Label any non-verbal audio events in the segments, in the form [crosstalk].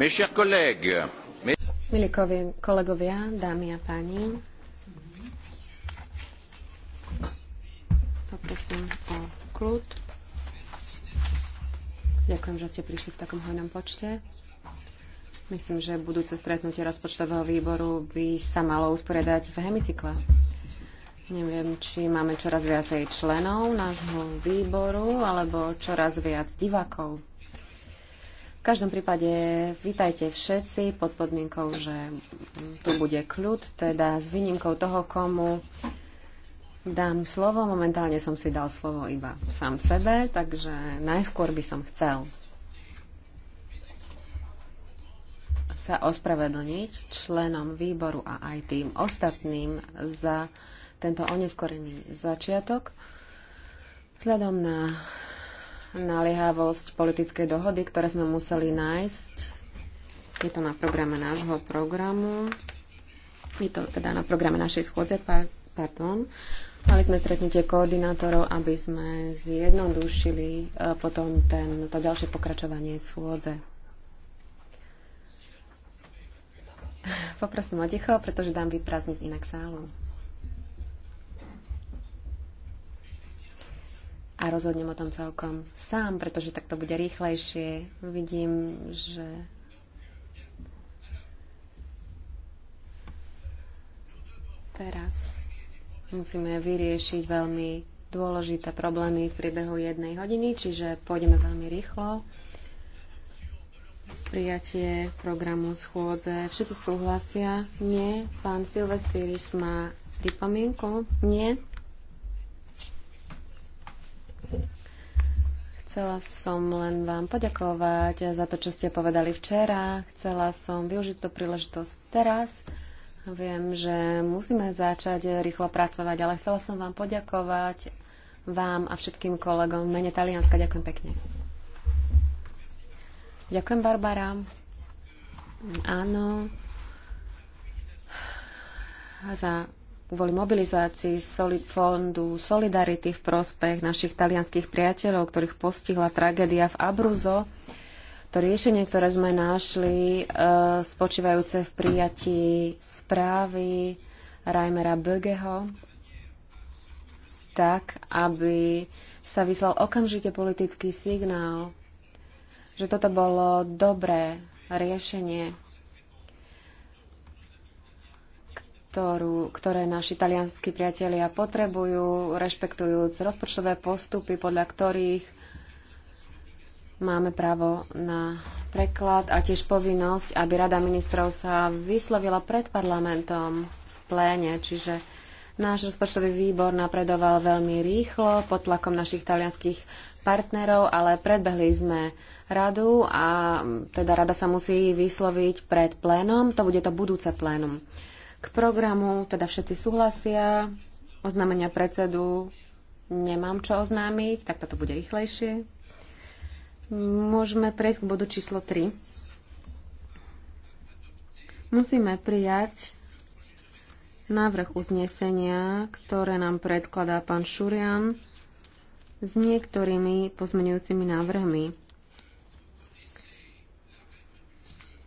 Milí kolegovia, dámy a páni, poprosím o kľud. Ďakujem, že ste prišli v takom hojnom počte. Myslím, že budúce stretnutie rozpočtového výboru by sa malo usporiadať v hemicykle. Neviem, či máme čoraz viacej členov nášho výboru alebo čoraz viac divákov. V každom prípade vítajte všetci pod podmienkou, že tu bude kľud, teda s výnimkou toho, komu dám slovo. Momentálne som si dal slovo iba sám sebe, takže najskôr by som chcel sa ospravedlniť členom výboru a aj tým ostatným za tento oneskorený začiatok. Vzhľadom na naliehavosť politickej dohody, ktoré sme museli nájsť. Je to na programe nášho programu. Je to teda na programe našej schôdze, pardon. Mali sme stretnutie koordinátorov, aby sme zjednodušili e, potom ten, to ďalšie pokračovanie schôdze. Poprosím o ticho, pretože dám vyprázdniť inak sálu. a rozhodnem o tom celkom sám, pretože tak to bude rýchlejšie. Vidím, že teraz musíme vyriešiť veľmi dôležité problémy v priebehu jednej hodiny, čiže pôjdeme veľmi rýchlo. Prijatie programu schôdze. Všetci súhlasia? Nie. Pán Silvestýris má pripomienku? Nie. Chcela som len vám poďakovať za to, čo ste povedali včera. Chcela som využiť tú príležitosť teraz. Viem, že musíme začať rýchlo pracovať, ale chcela som vám poďakovať vám a všetkým kolegom v mene Talianska. Ďakujem pekne. Ďakujem, Barbara. Áno. Za kvôli mobilizácii soli- fondu Solidarity v prospech našich talianských priateľov, ktorých postihla tragédia v Abruzo. To riešenie, ktoré sme našli, e, spočívajúce v prijatí správy Reimera Bögeho, tak, aby sa vyslal okamžite politický signál, že toto bolo dobré riešenie ktorú, ktoré naši talianskí priatelia potrebujú, rešpektujúc rozpočtové postupy, podľa ktorých máme právo na preklad a tiež povinnosť, aby Rada ministrov sa vyslovila pred parlamentom v pléne, čiže náš rozpočtový výbor napredoval veľmi rýchlo pod tlakom našich talianských partnerov, ale predbehli sme radu a teda rada sa musí vysloviť pred plénom, to bude to budúce plénum. K programu teda všetci súhlasia. Oznámenia predsedu nemám čo oznámiť, tak toto bude rýchlejšie. Môžeme prejsť k bodu číslo 3. Musíme prijať návrh uznesenia, ktoré nám predkladá pán Šurian s niektorými pozmenujúcimi návrhmi.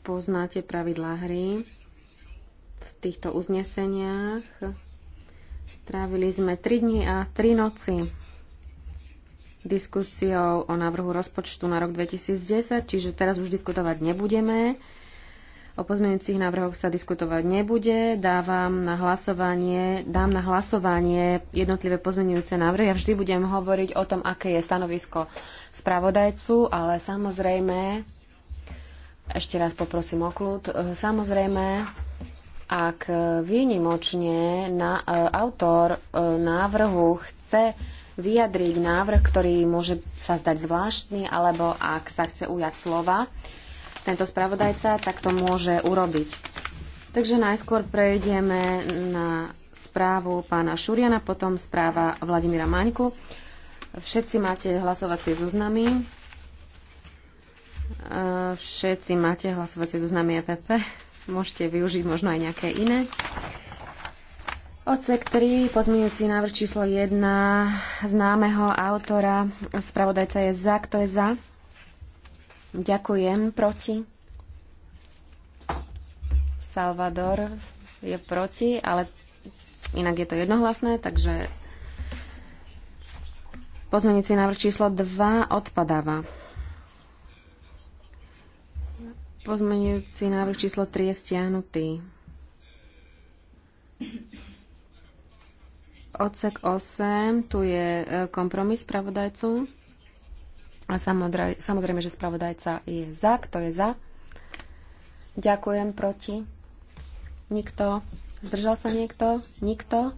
Poznáte pravidlá hry týchto uzneseniach. Strávili sme 3 dni a 3 noci diskusiou o návrhu rozpočtu na rok 2010, čiže teraz už diskutovať nebudeme. O pozmeňujúcich návrhoch sa diskutovať nebude. Dávam na hlasovanie, dám na hlasovanie jednotlivé pozmeňujúce návrhy. Ja vždy budem hovoriť o tom, aké je stanovisko spravodajcu, ale samozrejme, ešte raz poprosím o kľud, samozrejme, ak výnimočne na, e, autor e, návrhu chce vyjadriť návrh, ktorý môže sa zdať zvláštny, alebo ak sa chce ujať slova, tento spravodajca, tak to môže urobiť. Takže najskôr prejdeme na správu pána Šuriana, potom správa Vladimíra Maňku. Všetci máte hlasovacie zoznamy. E, všetci máte hlasovacie zoznamy EPP. Môžete využiť možno aj nejaké iné. Odsek 3, pozmeňujúci návrh číslo 1 známeho autora, spravodajca je za, kto je za? Ďakujem, proti? Salvador je proti, ale inak je to jednohlasné, takže pozmeňujúci návrh číslo 2 odpadáva. Pozmeňujúci návrh číslo 3 je stiahnutý. Odsek 8, tu je e, kompromis spravodajcu. A samozrejme, že spravodajca je za. Kto je za? Ďakujem. Proti? Nikto? Zdržal sa niekto? Nikto?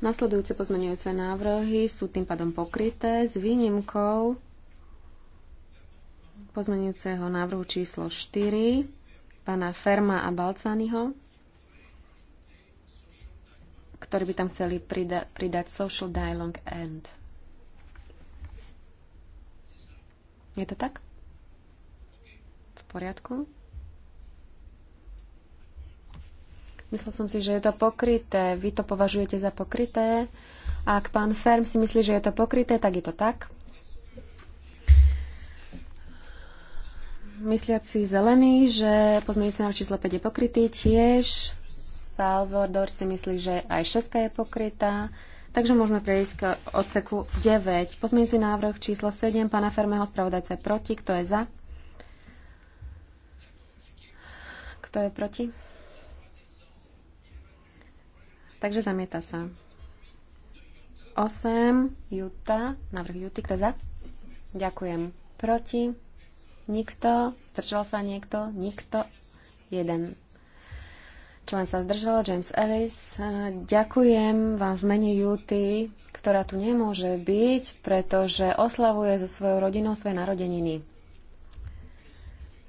Nasledujúce pozmeňujúce návrhy sú tým pádom pokryté s výnimkou pozmeňujúceho návrhu číslo 4 pána Ferma a Balcányho, ktorí by tam chceli prida- pridať social dialogue end. Je to tak? V poriadku? Myslel som si, že je to pokryté. Vy to považujete za pokryté. A ak pán Ferm si myslí, že je to pokryté, tak je to tak. Mysliaci zelený, že pozmeňujúci návrh číslo 5 je pokrytý tiež. Salvador si myslí, že aj 6 je pokrytá. Takže môžeme prejsť k odseku 9. Pozmeňujúci návrh číslo 7 pána Fermého spravodajca je proti. Kto je za? Kto je proti? Takže zamieta sa. 8, Juta, navrh Juty, kto za? Ďakujem. Proti? Nikto? Zdržal sa niekto? Nikto? Jeden. Člen sa zdržal, James Ellis. E, ďakujem vám v mene Juty, ktorá tu nemôže byť, pretože oslavuje so svojou rodinou svoje narodeniny.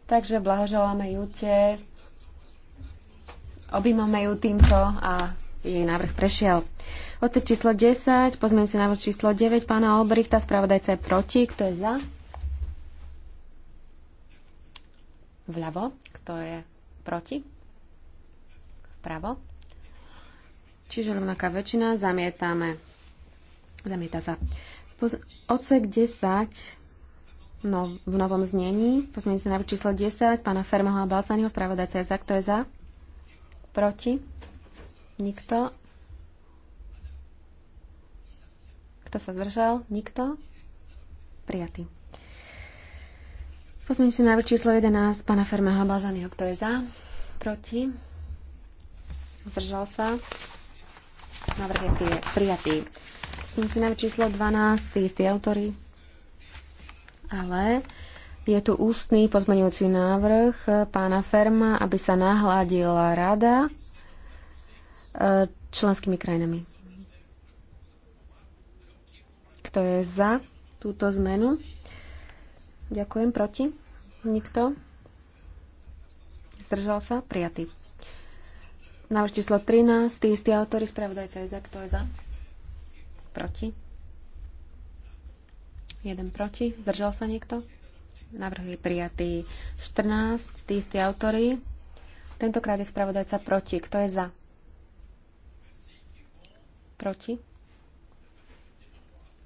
Takže blahoželáme Jute, objímame ju týmto a jej návrh prešiel. Odsek číslo 10, si návrh číslo 9 pána Olbrichta, spravodajca je proti. Kto je za? Vľavo. Kto je proti? Vpravo. Čiže rovnaká väčšina. Zamietame. Zamieta sa. Poz- odsek 10, no, v novom znení. si návrh číslo 10, pána Fermoha Balsaniho, spravodajca je za. Kto je za? Proti? Nikto. Kto sa zdržal? Nikto. Prijatý. Pozmeňte si návrh číslo 11 pána Fermeho Bazanyho. Kto je za? Proti? Zdržal sa? Návrh je prijatý. Pozmeňte si návrh číslo 12, tí istí autory. Ale je tu ústny pozmeňujúci návrh pána Ferma, aby sa nahladila rada E, členskými krajinami. Kto je za túto zmenu? Ďakujem. Proti? Nikto? Zdržal sa? Prijatý. Návrh číslo 13, tí istí autory, spravodajca je za. Kto je za? Proti? Jeden proti. Zdržal sa niekto? Návrh je prijatý. 14, tí istí autory. Tentokrát je spravodajca proti. Kto je za? Proti?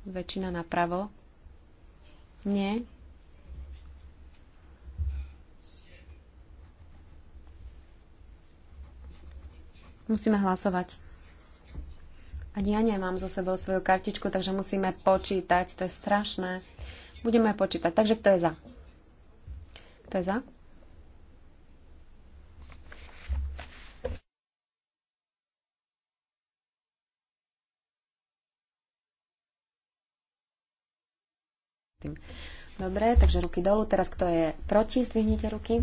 Väčšina napravo? Nie. Musíme hlasovať. Ani ja nemám zo sebou svoju kartičku, takže musíme počítať. To je strašné. Budeme počítať. Takže kto je za? Kto je za? tým. Dobre, takže ruky dolu. Teraz kto je proti, zdvihnite ruky.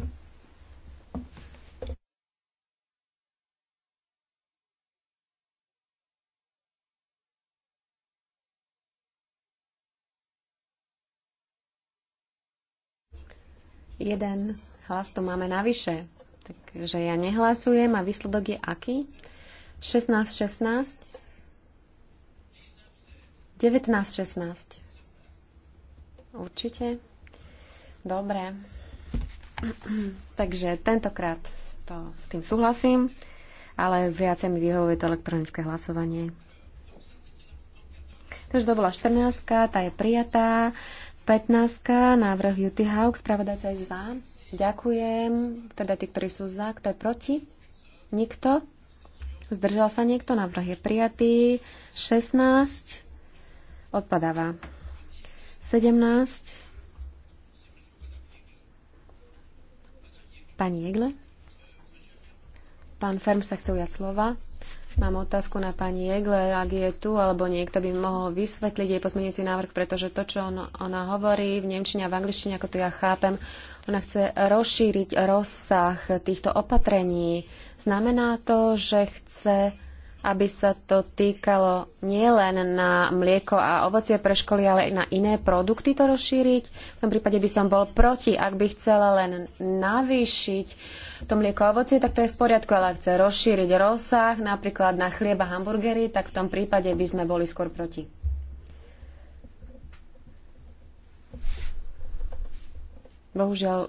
Jeden hlas tu máme navyše. Takže ja nehlasujem a výsledok je aký? 16-16. 19-16. Určite. Dobre. Takže tentokrát to, s tým súhlasím, ale viacej mi vyhovuje to elektronické hlasovanie. Takže to bola 14, tá je prijatá. 15, návrh Juty Hawk, spravodajca je za. Ďakujem. Teda tí, ktorí sú za, kto je proti? Nikto? Zdržal sa niekto? Návrh je prijatý. 16 odpadáva. 17. Pani Jegle. Pán Ferm sa chce ujať slova. Mám otázku na pani Jegle, ak je tu, alebo niekto by mohol vysvetliť jej pozmeňujúci návrh, pretože to, čo on, ona hovorí v Nemčine a v Angličtine, ako to ja chápem, ona chce rozšíriť rozsah týchto opatrení. Znamená to, že chce aby sa to týkalo nielen na mlieko a ovocie pre školy, ale aj na iné produkty to rozšíriť. V tom prípade by som bol proti, ak by chcela len navýšiť to mlieko a ovocie, tak to je v poriadku, ale ak chce rozšíriť rozsah, napríklad na chlieba hamburgery, tak v tom prípade by sme boli skôr proti. Bohužiaľ, e,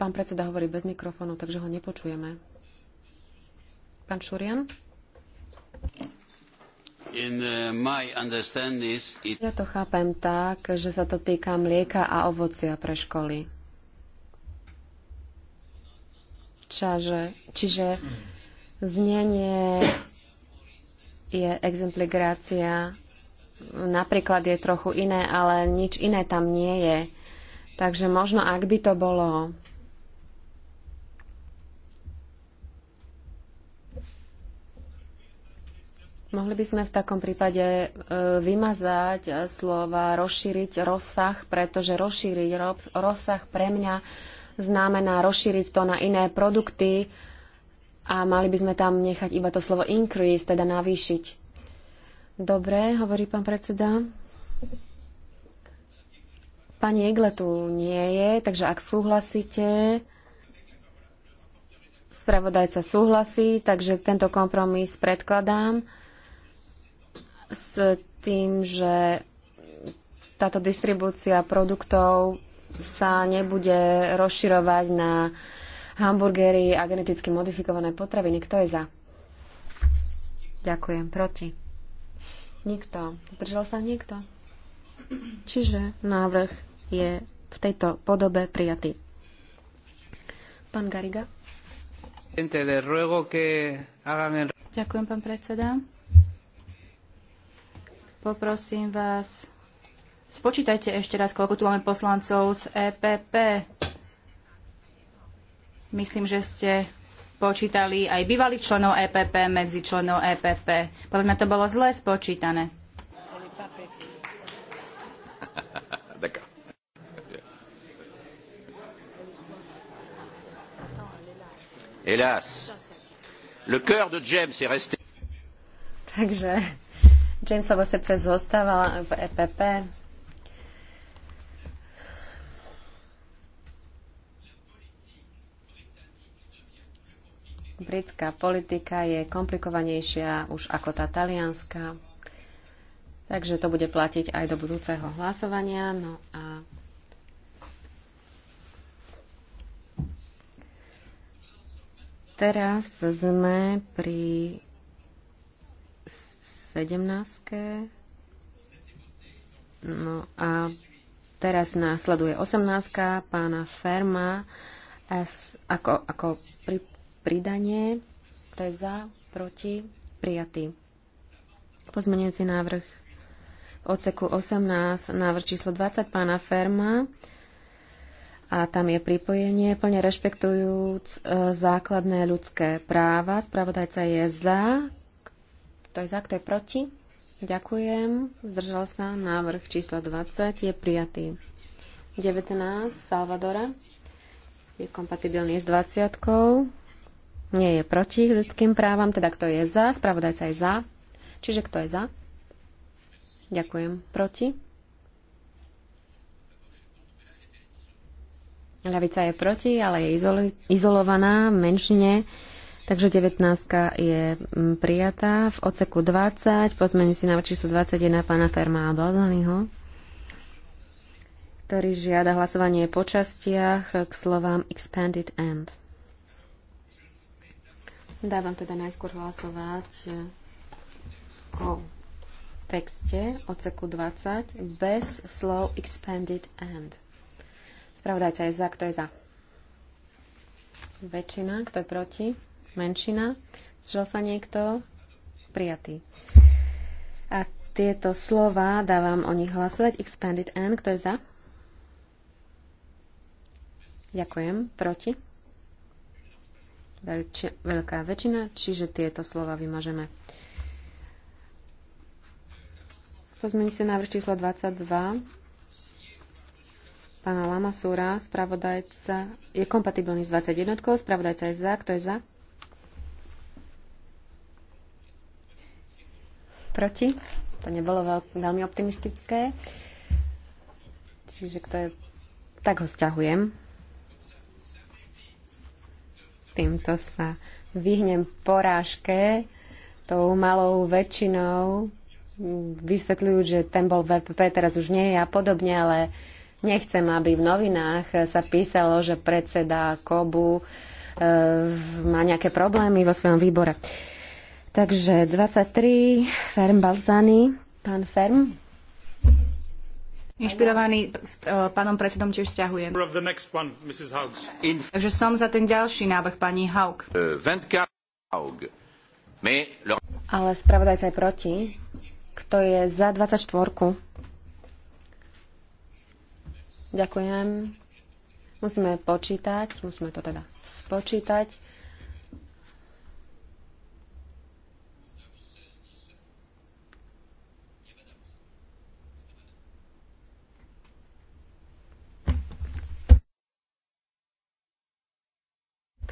pán predseda hovorí bez mikrofónu, takže ho nepočujeme. Pán Šurian? Uh, ja to chápem tak, že sa to týka mlieka a ovocia pre školy. Čaže, čiže znenie je exempligácia. Napríklad je trochu iné, ale nič iné tam nie je. Takže možno ak by to bolo Mohli by sme v takom prípade e, vymazať e, slova, rozšíriť rozsah, pretože rozšíriť rozsah pre mňa znamená rozšíriť to na iné produkty a mali by sme tam nechať iba to slovo increase, teda navýšiť. Dobre, hovorí pán predseda. Pani Egle tu nie je, takže ak súhlasíte, spravodajca súhlasí, takže tento kompromis predkladám s tým, že táto distribúcia produktov sa nebude rozširovať na hamburgery a geneticky modifikované potraviny. Kto je za? Ďakujem. Proti? Nikto. Zdržal sa niekto? Čiže návrh je v tejto podobe prijatý. Pán Gariga. Ďakujem, pán predseda. Poprosím vás, spočítajte ešte raz, koľko tu máme poslancov z EPP. Myslím, že ste počítali aj bývalých členov EPP medzi členov EPP. Podľa mňa to bolo zle spočítané. [laughs] Hélas, le cœur de James est resté. Takže Jamesova srdce zostávala v EPP. Britská politika je komplikovanejšia už ako tá talianská, takže to bude platiť aj do budúceho hlasovania. No a teraz sme pri 17. No a teraz následuje 18. pána Ferma S ako, ako pri, pridanie. To je za, proti, prijatý. Pozmenujúci návrh odseku 18, návrh číslo 20 pána Ferma a tam je pripojenie plne rešpektujúc e, základné ľudské práva. Spravodajca je za, kto je za, kto je proti? Ďakujem. Zdržal sa. Návrh číslo 20 je prijatý. 19. Salvadora je kompatibilný s 20. Nie je proti ľudským právam, teda kto je za, spravodajca je za. Čiže kto je za? Ďakujem. Proti? Ľavica je proti, ale je izolovaná menšine. Takže 19 je mm, prijatá. V oceku 20 pozmení si na číslo 21 pána Ferma Bladonyho, ktorý žiada hlasovanie po častiach k slovám expanded and. Dávam teda najskôr hlasovať eh, o texte oceku 20 bez slov expanded and. Spravodajca je za, kto je za? Väčšina, kto je proti? menšina, zdržal sa niekto, prijatý. A tieto slova dávam o nich hlasovať. Expanded N, kto je za? Ďakujem. Proti? Veľči, veľká väčšina, čiže tieto slova vymažeme. Pozmení sa návrh číslo 22 pána Lamasúra, spravodajca je kompatibilný s 21, spravodajca je za, kto je za? Proti? To nebolo veľ, veľmi optimistické. Čiže kto je... Tak ho stiahujem. Týmto sa vyhnem porážke tou malou väčšinou, vysvetľujú, že ten bol VPP, teraz už nie je a podobne, ale nechcem, aby v novinách sa písalo, že predseda Kobu e, má nejaké problémy vo svojom výbore. E, Takže 23, Ferm Balzany, pán Ferm. Inšpirovaný eh, pánom predsedom tiež stiahujem. Takže som za ten ďalší návrh pani Haug. Eh, Ale spravodaj sa je proti. Kto je za 24? -ku? Ďakujem. Musíme počítať, musíme to teda spočítať.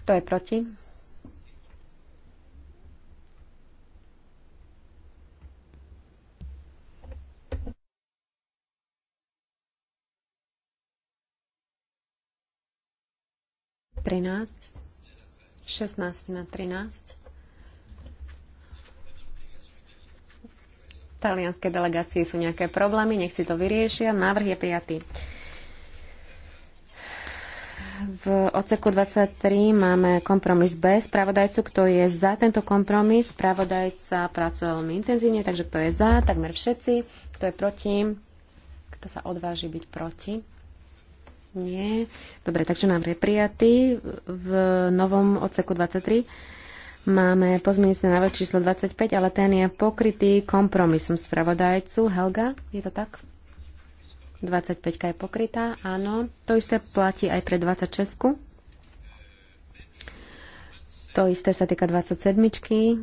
Kto je proti? Trináct. Šestnáct na trinásť. talianskej delegácii sú nejaké problémy, nech si to vyriešia. Návrh je prijatý. V odseku 23 máme kompromis B. Spravodajcu, kto je za tento kompromis? Spravodajca pracuje veľmi intenzívne, takže kto je za? Takmer všetci. Kto je proti? Kto sa odváži byť proti? Nie. Dobre, takže nám je prijatý. V novom odseku 23 máme pozmeňujúci návrh číslo 25, ale ten je pokrytý kompromisom spravodajcu. Helga, je to tak? 25 je pokrytá, áno. To isté platí aj pre 26. -ku. To isté sa týka 27. -ky.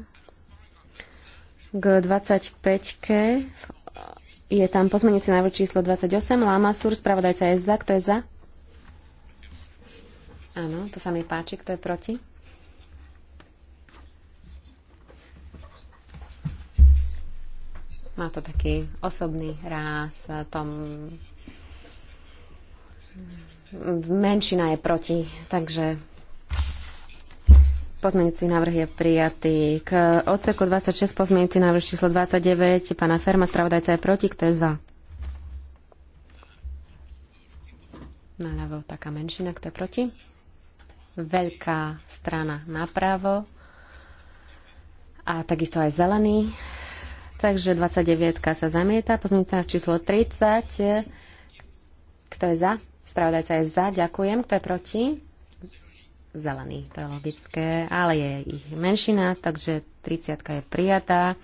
K 25 je tam pozmenujúci návrh číslo 28. Sur, spravodajca je za. Kto je za? Áno, to sa mi páči. Kto je proti? Má to taký osobný ráz, tom menšina je proti, takže Pozmeňujúci návrh je prijatý. K odseku 26 pozmeňujúci návrh číslo 29 pána Ferma, spravodajca je proti, kto je za? Naľavo taká menšina, kto je proti? Veľká strana napravo a takisto aj zelený. Takže 29 sa zamieta. na číslo 30. Kto je za? Spravodajca je za. Ďakujem. Kto je proti? Zelený. To je logické. Ale je ich menšina, takže 30 je prijatá.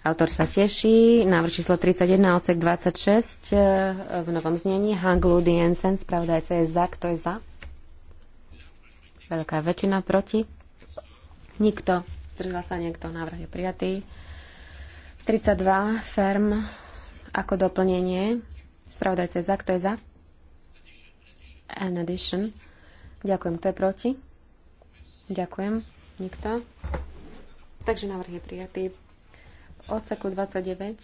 Autor sa teší. Návrh číslo 31, odsek 26 eh, v novom znení. Hanglu Jensen. Spravodajca je za. Kto je za? Veľká väčšina proti. Nikto. Zdržal sa niekto. Návrh je prijatý. 32 ferm ako doplnenie. Spravodajca je za. Kto je za? An addition. Ďakujem. Kto je proti? Ďakujem. Nikto. Takže návrh je prijatý. Odseku 29.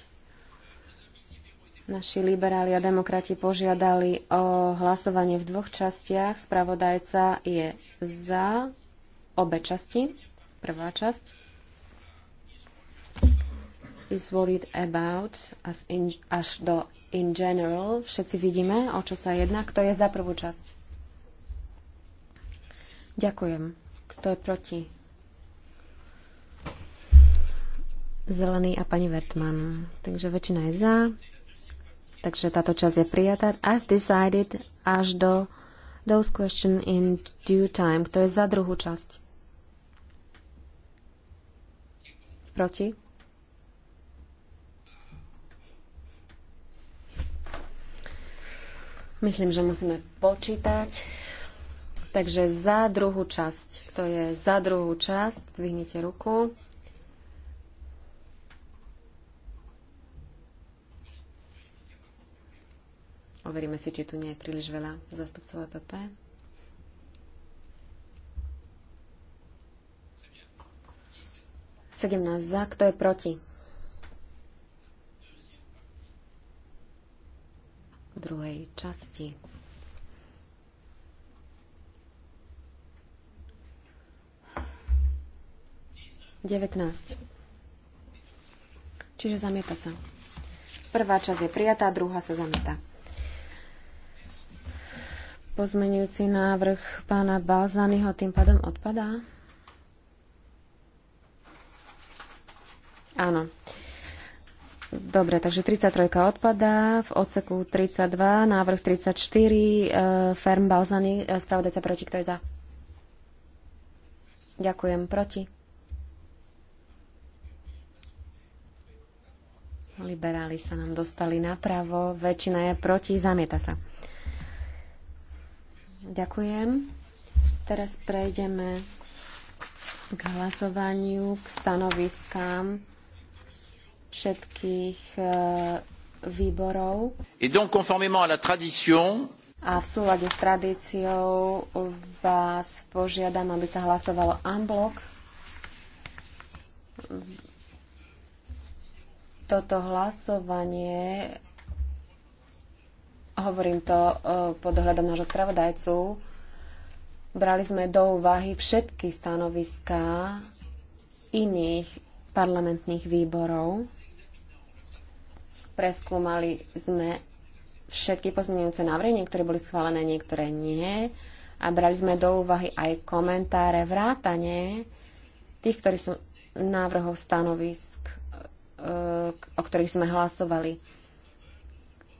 Naši liberáli a demokrati požiadali o hlasovanie v dvoch častiach. Spravodajca je za obe časti. Prvá časť is worried about as in, až do in general. Všetci vidíme, o čo sa jedná. Kto je za prvú časť? Ďakujem. Kto je proti? Zelený a pani Vertman. Takže väčšina je za. Takže táto časť je prijatá. As decided až do those question in due time. Kto je za druhú časť? Proti? Myslím, že musíme počítať. Takže za druhú časť. Kto je za druhú časť, dvihnite ruku. Overíme si, či tu nie je príliš veľa zastupcov EPP. Sedemnáct za. Kto je proti? v druhej časti. Devätnásť. Čiže zamieta sa. Prvá časť je prijatá, druhá sa zamieta. Pozmenujúci návrh pána ho tým pádom odpadá? Áno. Dobre, takže 33 odpadá, v odseku 32, návrh 34, e, Ferm Balzany, e, spravodajca proti, kto je za? Ďakujem, proti. Liberáli sa nám dostali napravo, väčšina je proti, zamieta sa. Ďakujem. Teraz prejdeme k hlasovaniu, k stanoviskám všetkých e, výborov. Et donc, conformément à la tradition, a v súlade s tradíciou vás požiadam, aby sa hlasovalo bloc. Toto hlasovanie, hovorím to e, pod ohľadom nášho spravodajcu, brali sme do úvahy všetky stanoviská iných parlamentných výborov preskúmali sme všetky pozmeňujúce návrhy, niektoré boli schválené, niektoré nie. A brali sme do úvahy aj komentáre vrátane tých, ktorí sú návrhov stanovisk, e, o ktorých sme hlasovali.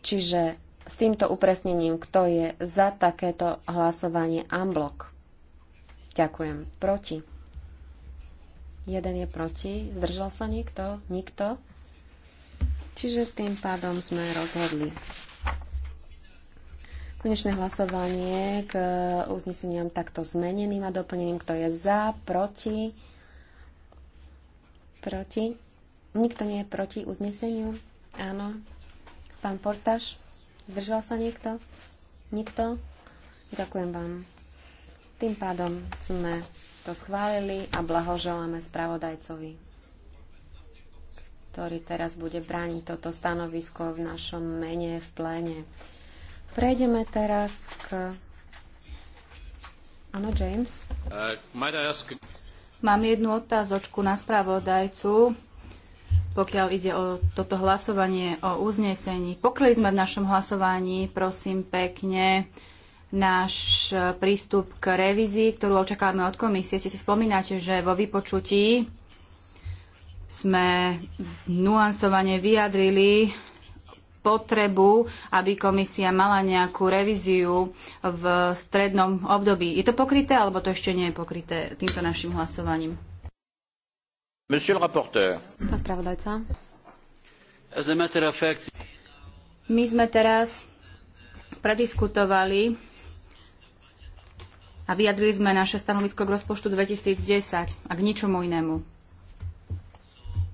Čiže s týmto upresnením, kto je za takéto hlasovanie amblok. Ďakujem. Proti. Jeden je proti. Zdržal sa niekto? Nikto? Čiže tým pádom sme rozhodli. Konečné hlasovanie k uzneseniam takto zmeneným a doplneným, kto je za, proti, proti. Nikto nie je proti uzneseniu? Áno. Pán Portaš? zdržal sa niekto? Nikto? Ďakujem vám. Tým pádom sme to schválili a blahoželáme spravodajcovi ktorý teraz bude brániť toto stanovisko v našom mene v pléne. Prejdeme teraz k... Áno, James? Uh, ask... Mám jednu otázočku na správodajcu, pokiaľ ide o toto hlasovanie o uznesení. Pokryli sme v našom hlasovaní, prosím pekne, náš prístup k revízii, ktorú očakávame od komisie. Si si spomínate, že vo vypočutí sme nuansovane vyjadrili potrebu, aby komisia mala nejakú revíziu v strednom období. Je to pokryté, alebo to ešte nie je pokryté týmto našim hlasovaním? Monsieur le rapporteur. Pán spravodajca. My sme teraz prediskutovali a vyjadrili sme naše stanovisko k rozpočtu 2010 a k ničomu inému.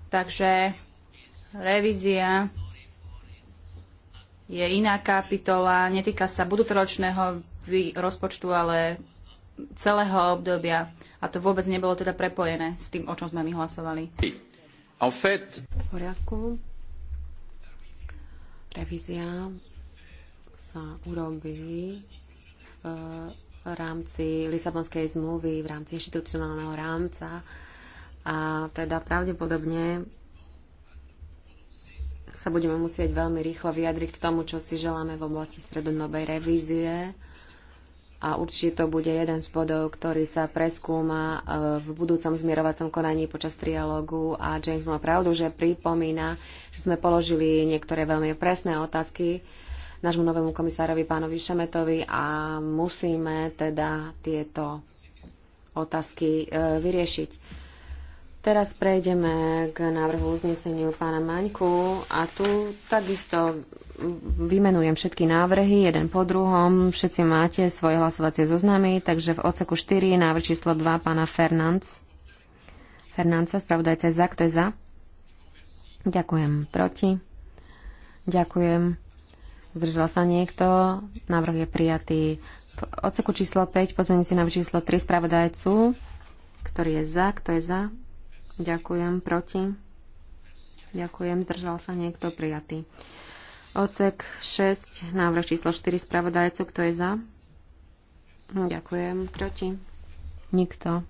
Takže revízia je iná kapitola, netýka sa budúcoročného rozpočtu, ale celého obdobia. A to vôbec nebolo teda prepojené s tým, o čom sme my hlasovali. En fait... V poriadku. Revízia sa urobí eh, v rámci Lisabonskej zmluvy, v rámci inštitucionálneho rámca a teda pravdepodobne sa budeme musieť veľmi rýchlo vyjadriť k tomu, čo si želáme v oblasti stredodnobej revízie. A určite to bude jeden z bodov, ktorý sa preskúma e, v budúcom zmierovacom konaní počas trialógu. A James má pravdu, že pripomína, že sme položili niektoré veľmi presné otázky nášmu novému komisárovi pánovi Šemetovi a musíme teda tieto otázky e, vyriešiť. Teraz prejdeme k návrhu uzneseniu pána Maňku a tu takisto vymenujem všetky návrhy, jeden po druhom. Všetci máte svoje hlasovacie zoznamy, takže v odseku 4 návrh číslo 2 pána Fernanc. Fernanca, spravodajca za, kto je za? Ďakujem. Proti? Ďakujem. Zdržal sa niekto? Návrh je prijatý. V odseku číslo 5 pozmením si návrh číslo 3 spravodajcu, ktorý je za, kto je za? Ďakujem. Proti? Ďakujem. Držal sa niekto prijatý. Ocek 6, návrh číslo 4 spravodajcu. Kto je za? No, ďakujem. Proti? Nikto.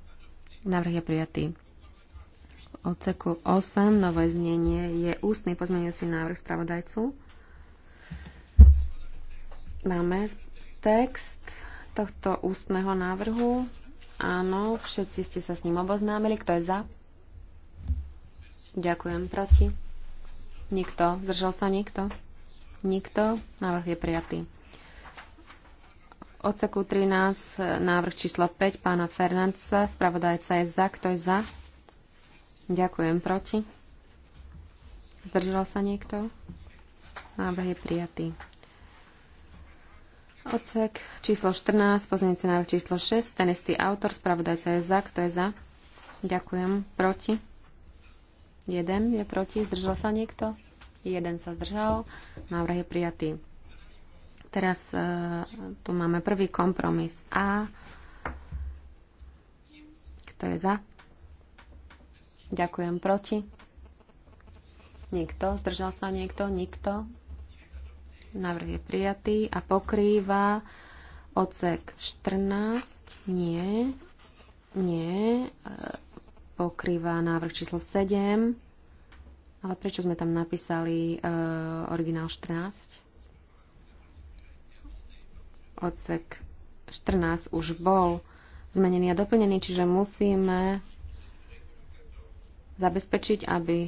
Návrh je prijatý. Oceku 8, nové znenie, je ústny pozmeňujúci návrh spravodajcu. Máme text tohto ústneho návrhu. Áno, všetci ste sa s ním oboznámili. Kto je za? Ďakujem. Proti? Nikto. Zdržal sa nikto? Nikto. Návrh je prijatý. Odseku 13, návrh číslo 5 pána Fernandca. Spravodajca je za. Kto je za? Ďakujem. Proti? Zdržal sa niekto? Návrh je prijatý. Odsek číslo 14, pozmeňujúci návrh číslo 6, ten istý autor, spravodajca je za, kto je za? Ďakujem. Proti? Jeden je proti. Zdržal sa niekto? Jeden sa zdržal. Návrh je prijatý. Teraz e, tu máme prvý kompromis A. Kto je za? Ďakujem. Proti? Nikto. Zdržal sa niekto? Nikto. Návrh je prijatý a pokrýva odsek 14. Nie. Nie. E, pokrýva návrh číslo 7, ale prečo sme tam napísali e, originál 14? Odsek 14 už bol zmenený a doplnený, čiže musíme zabezpečiť, aby,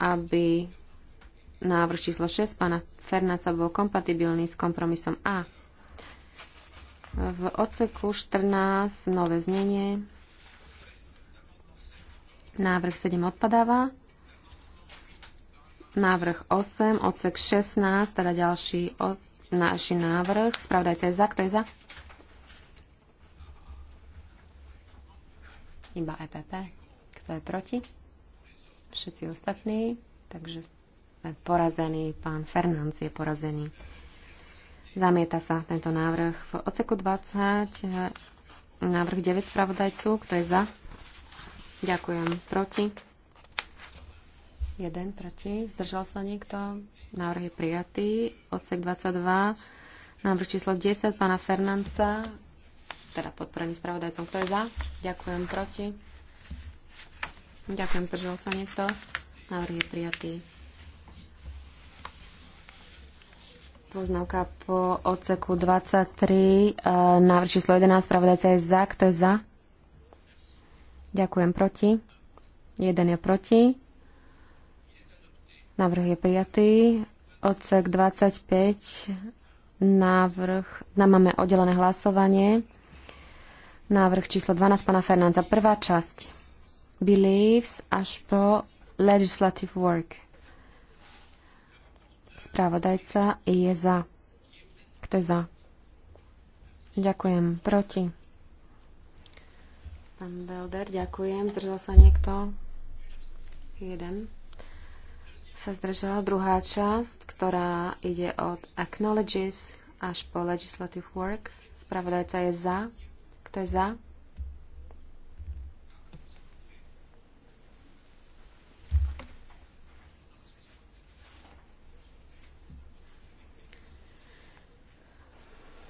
aby návrh číslo 6 pána Fernáca bol kompatibilný s kompromisom A. V odseku 14 nové znenie Návrh 7 odpadáva. Návrh 8, odsek 16, teda ďalší od, náš návrh. Spravdajca je za. Kto je za? Iba EPP. Kto je proti? Všetci ostatní. Takže porazený pán Fernández je porazený. Zamieta sa tento návrh. V oceku 20 eh, návrh 9 spravodajcu. Kto je za? Ďakujem. Proti? Jeden proti. Zdržal sa niekto? Návrh je prijatý. Odsek 22. Návrh číslo 10 pána Fernanca, teda podporený spravodajcom. Kto je za? Ďakujem. Proti? Ďakujem. Zdržal sa niekto? Návrh je prijatý. Poznámka po odseku 23, e, návrh číslo 11, spravodajca je za. Kto je za? Ďakujem proti. Jeden je proti. Návrh je prijatý. Odsek 25. Návrh. Tam máme oddelené hlasovanie. Návrh číslo 12 pana Fernanda. Prvá časť. Believes až po legislative work. Správodajca je za. Kto je za? Ďakujem. Proti. Pán Belder, ďakujem. Zdržal sa niekto? Jeden sa zdržala druhá časť, ktorá ide od acknowledges až po legislative work. Spravodajca je za. Kto je za?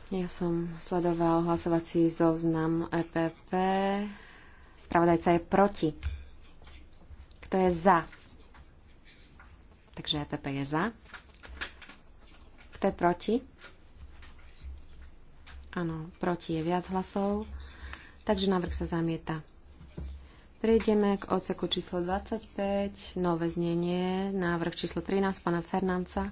Ja som sledoval hlasovací zoznam EPP. Spravodajca je proti. Kto je za? Takže EPP je za. Kto je proti? Áno, proti je viac hlasov. Takže návrh sa zamieta. Prejdeme k odseku číslo 25, nové znenie, návrh číslo 13 pana Fernanca.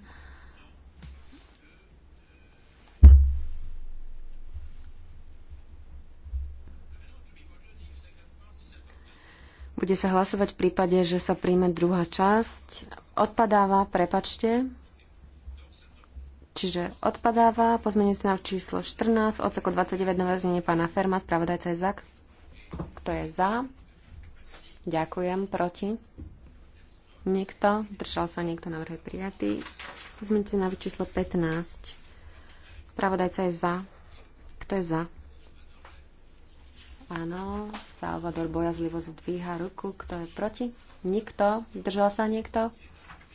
Bude sa hlasovať v prípade, že sa príjme druhá časť. Odpadáva, prepačte. Čiže odpadáva pozmeňujúci návrh číslo 14, odseko 29, nové znenie pána Ferma, spravodajca je za. Kto je za? Ďakujem. Proti? Niekto? Držal sa niekto, návrh je prijatý. Pozmeňujúci návrh číslo 15. Spravodajca je za. Kto je za? Áno, Salvador bojazlivo zdvíha ruku. Kto je proti? Nikto? Držal sa niekto?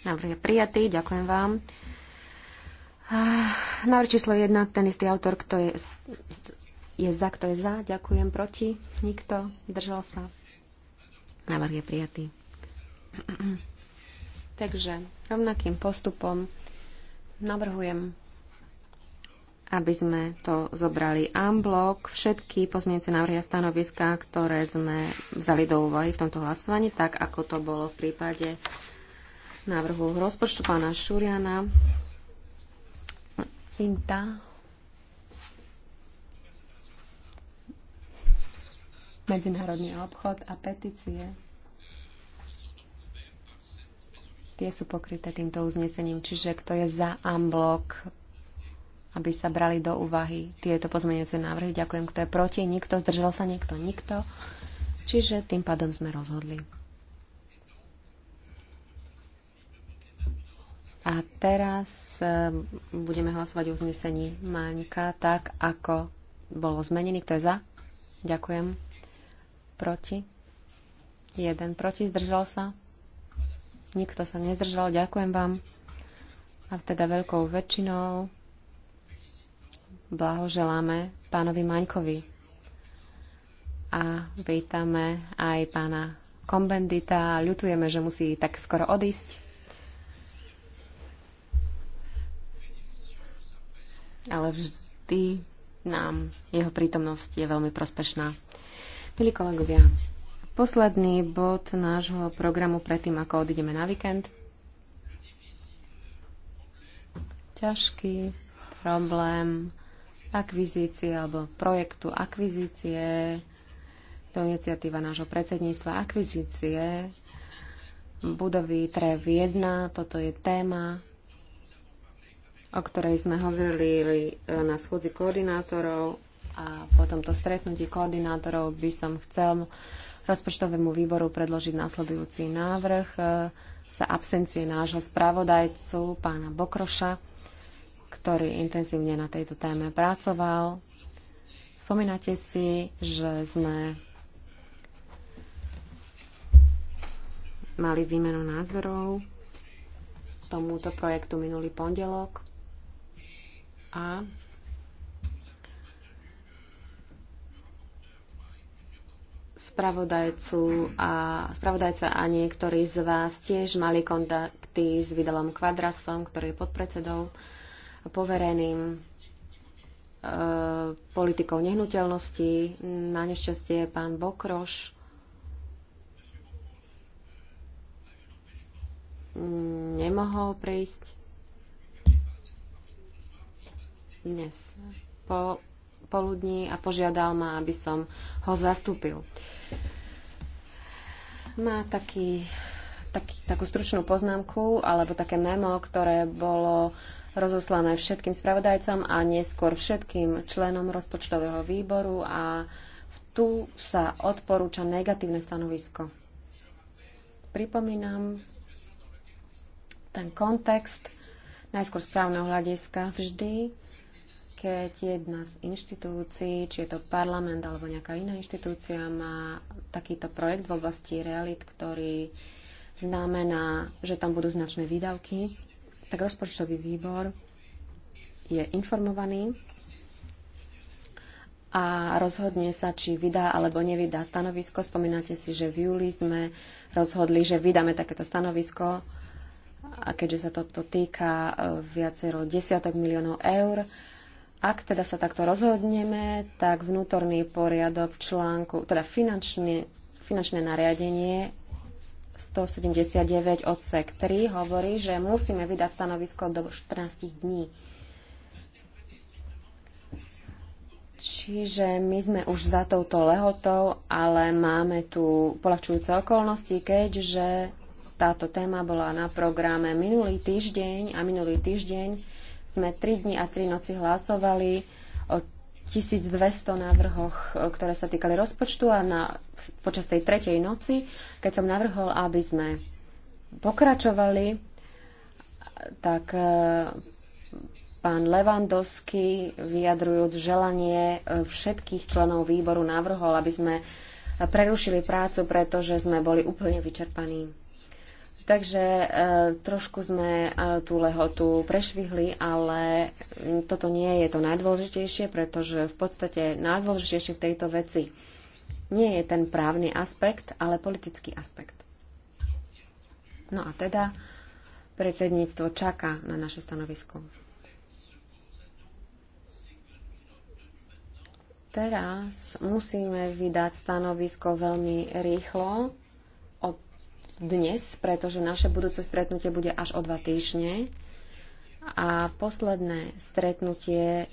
Návrh je prijatý, ďakujem vám. Ah, návrh číslo 1, ten istý autor, kto je, je za, kto je za, ďakujem, proti, nikto, držal sa. Návrh je prijatý. [clears throat] Takže rovnakým postupom navrhujem aby sme to zobrali unblock, všetky pozmienujúce návrhy a stanoviská, ktoré sme vzali do úvahy v tomto hlasovaní, tak ako to bolo v prípade návrhu rozpočtu pána Šuriana. Inta. Medzinárodný obchod a petície. Tie sú pokryté týmto uznesením. Čiže kto je za unblock aby sa brali do úvahy tieto pozmeňujúce návrhy. Ďakujem, kto je proti, nikto, zdržal sa niekto, nikto. Čiže tým pádom sme rozhodli. A teraz eh, budeme hlasovať o uznesení Maňka tak, ako bolo zmenený. Kto je za? Ďakujem. Proti? Jeden proti. Zdržal sa? Nikto sa nezdržal. Ďakujem vám. A teda veľkou väčšinou Blahoželáme pánovi Maňkovi. A vítame aj pána Kombendita. Ľutujeme, že musí tak skoro odísť. Ale vždy nám jeho prítomnosť je veľmi prospešná. Milí kolegovia, posledný bod nášho programu predtým, ako odídeme na víkend. Ťažký problém akvizície alebo projektu akvizície. To je iniciatíva nášho predsedníctva akvizície budovy TREV 1. Toto je téma, o ktorej sme hovorili na schôdzi koordinátorov a po tomto stretnutí koordinátorov by som chcel rozpočtovému výboru predložiť následujúci návrh eh, za absencie nášho spravodajcu, pána Bokroša ktorý intenzívne na tejto téme pracoval. Spomínate si, že sme mali výmenu názorov k tomuto projektu minulý pondelok a spravodajcu a spravodajca a niektorí z vás tiež mali kontakty s Vidalom Kvadrasom, ktorý je podpredsedou povereným e, politikou nehnuteľnosti. Na nešťastie pán Bokroš mm, nemohol prísť dnes po poludní a požiadal ma, aby som ho zastúpil. Má taký, taký, takú stručnú poznámku alebo také memo, ktoré bolo uh, rozoslané všetkým spravodajcom a neskôr všetkým členom rozpočtového výboru a tu sa odporúča negatívne stanovisko. Pripomínam ten kontext najskôr správneho hľadiska vždy, keď jedna z inštitúcií, či je to parlament alebo nejaká iná inštitúcia, má takýto projekt v oblasti realit, ktorý znamená, že tam budú značné výdavky, tak rozpočtový výbor je informovaný a rozhodne sa, či vydá alebo nevydá stanovisko. Spomínate si, že v júli sme rozhodli, že vydáme takéto stanovisko a keďže sa toto týka e, viacero desiatok miliónov eur, ak teda sa takto rozhodneme, tak vnútorný poriadok v článku, teda finančné, finančné nariadenie 179 odsek 3 hovorí, že musíme vydať stanovisko do 14 dní. Čiže my sme už za touto lehotou, ale máme tu polahčujúce okolnosti, keďže táto téma bola na programe minulý týždeň a minulý týždeň sme 3 dni a 3 noci hlasovali o 1200 návrhoch, e, ktoré sa týkali rozpočtu a na, počas tej tretej noci, keď som navrhol, aby sme pokračovali, tak e, pán Levandovský vyjadrujúc želanie e, všetkých členov výboru navrhol, aby sme prerušili prácu, pretože sme boli úplne vyčerpaní. Takže uh, trošku sme uh, tú lehotu prešvihli, ale toto nie je to najdôležitejšie, pretože v podstate najdôležitejšie v tejto veci nie je ten právny aspekt, ale politický aspekt. No a teda predsedníctvo čaká na naše stanovisko. Teraz musíme vydať stanovisko veľmi rýchlo, dnes, pretože naše budúce stretnutie bude až o dva týždne a posledné stretnutie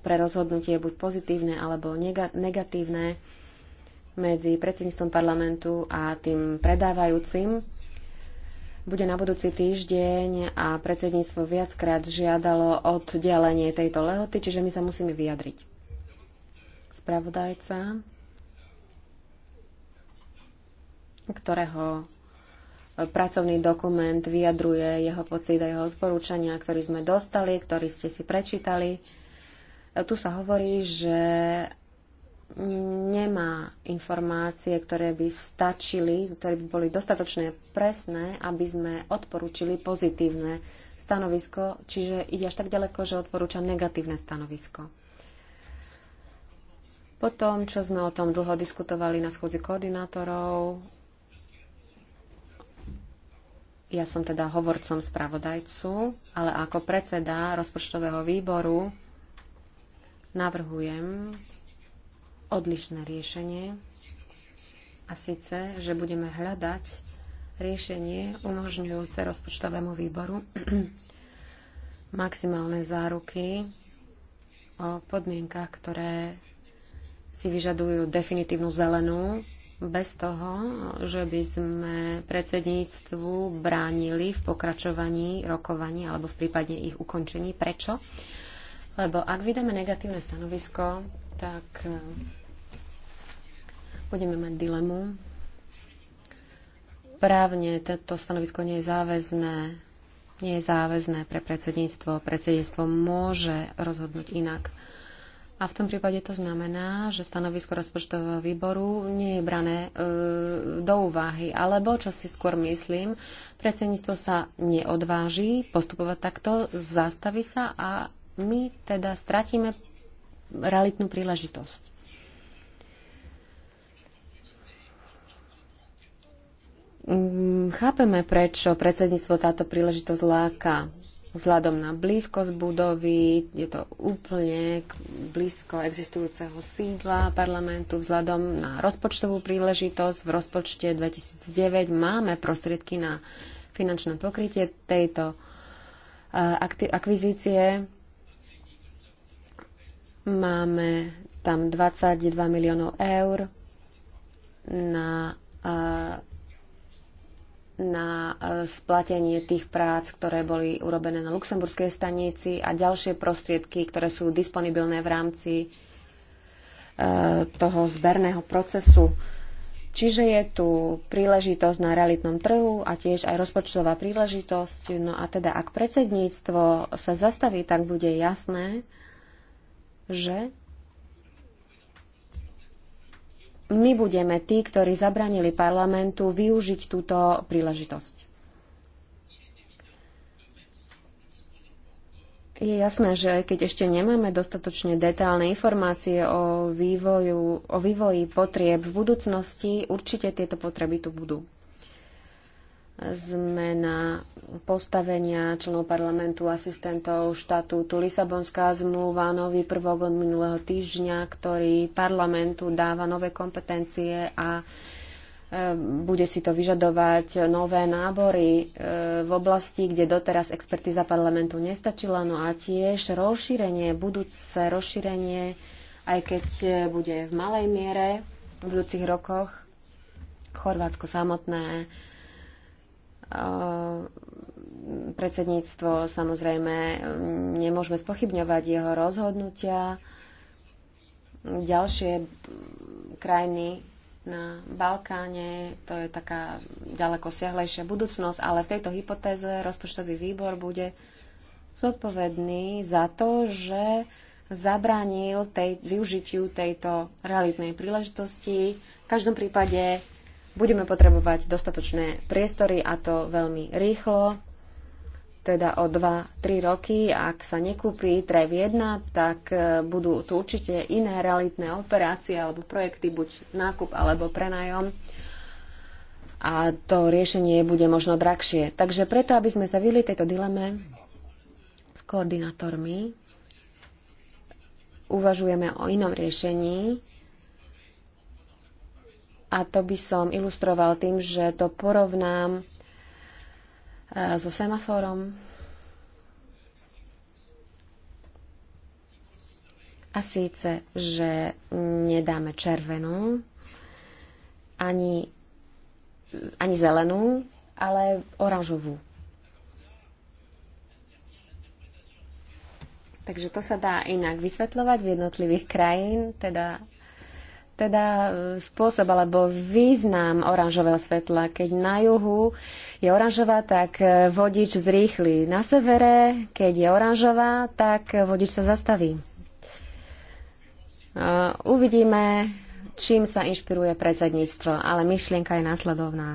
pre rozhodnutie buď pozitívne alebo negatívne medzi predsedníctvom parlamentu a tým predávajúcim bude na budúci týždeň a predsedníctvo viackrát žiadalo oddelenie tejto lehoty, čiže my sa musíme vyjadriť. Spravodajca, ktorého pracovný dokument vyjadruje jeho pocit a jeho odporúčania, ktorý sme dostali, ktorý ste si prečítali. Tu sa hovorí, že nemá informácie, ktoré by stačili, ktoré by boli dostatočne presné, aby sme odporúčili pozitívne stanovisko, čiže ide až tak ďaleko, že odporúča negatívne stanovisko. Po tom, čo sme o tom dlho diskutovali na schôdzi koordinátorov, ja som teda hovorcom spravodajcu, ale ako predseda rozpočtového výboru navrhujem odlišné riešenie a síce, že budeme hľadať riešenie umožňujúce rozpočtovému výboru [clears throat] maximálne záruky o podmienkach, ktoré si vyžadujú definitívnu zelenú bez toho, že by sme predsedníctvu bránili v pokračovaní rokovaní alebo v prípade ich ukončení. Prečo? Lebo ak vydáme negatívne stanovisko, tak e, budeme mať dilemu. Právne toto stanovisko nie je záväzné, nie je záväzné pre predsedníctvo. Predsedníctvo môže rozhodnúť inak. A v tom prípade to znamená, že stanovisko rozpočtového výboru nie je brané e, do úvahy. Alebo, čo si skôr myslím, predsedníctvo sa neodváži postupovať takto, zastaví sa a my teda stratíme realitnú príležitosť. Mm, chápeme, prečo predsedníctvo táto príležitosť láka vzhľadom na blízkosť budovy, je to úplne blízko existujúceho sídla parlamentu, vzhľadom na rozpočtovú príležitosť. V rozpočte 2009 máme prostriedky na finančné pokrytie tejto e, akvizície. Máme tam 22 miliónov eur na e, na e, splatenie tých prác, ktoré boli urobené na luxemburskej stanici a ďalšie prostriedky, ktoré sú disponibilné v rámci e, toho zberného procesu. Čiže je tu príležitosť na realitnom trhu a tiež aj rozpočtová príležitosť. No a teda, ak predsedníctvo sa zastaví, tak bude jasné, že my budeme tí, ktorí zabranili parlamentu využiť túto príležitosť. Je jasné, že keď ešte nemáme dostatočne detálne informácie o, vývoju, o vývoji potrieb v budúcnosti, určite tieto potreby tu budú zmena postavenia členov parlamentu, asistentov štatútu, Lisabonská zmluva, nový prvok od minulého týždňa, ktorý parlamentu dáva nové kompetencie a e, bude si to vyžadovať nové nábory e, v oblasti, kde doteraz expertiza parlamentu nestačila, no a tiež rozšírenie, budúce rozšírenie, aj keď e, bude v malej miere v budúcich rokoch, Chorvátsko samotné Ehm, predsedníctvo samozrejme ehm, nemôžeme spochybňovať jeho rozhodnutia. Ďalšie krajiny na Balkáne, to je taká ďaleko siahlejšia budúcnosť, ale v tejto hypotéze rozpočtový výbor bude zodpovedný za to, že zabránil tej, využitiu tejto realitnej príležitosti. V každom prípade budeme potrebovať dostatočné priestory a to veľmi rýchlo, teda o 2-3 roky. Ak sa nekúpi TREV 1, tak e, budú tu určite iné realitné operácie alebo projekty, buď nákup alebo prenájom a to riešenie bude možno drahšie. Takže preto, aby sme sa vyli tejto dileme s koordinátormi, uvažujeme o inom riešení, a to by som ilustroval tým, že to porovnám e, so semaforom. A síce, že nedáme červenú, ani, ani zelenú, ale oranžovú. Takže to sa dá inak vysvetľovať v jednotlivých krajín, teda teda e, spôsob alebo význam oranžového svetla. Keď na juhu je oranžová, tak e, vodič zrýchli. Na severe, keď je oranžová, tak vodič sa zastaví. E, uvidíme, čím sa inšpiruje predsedníctvo, ale myšlienka je následovná.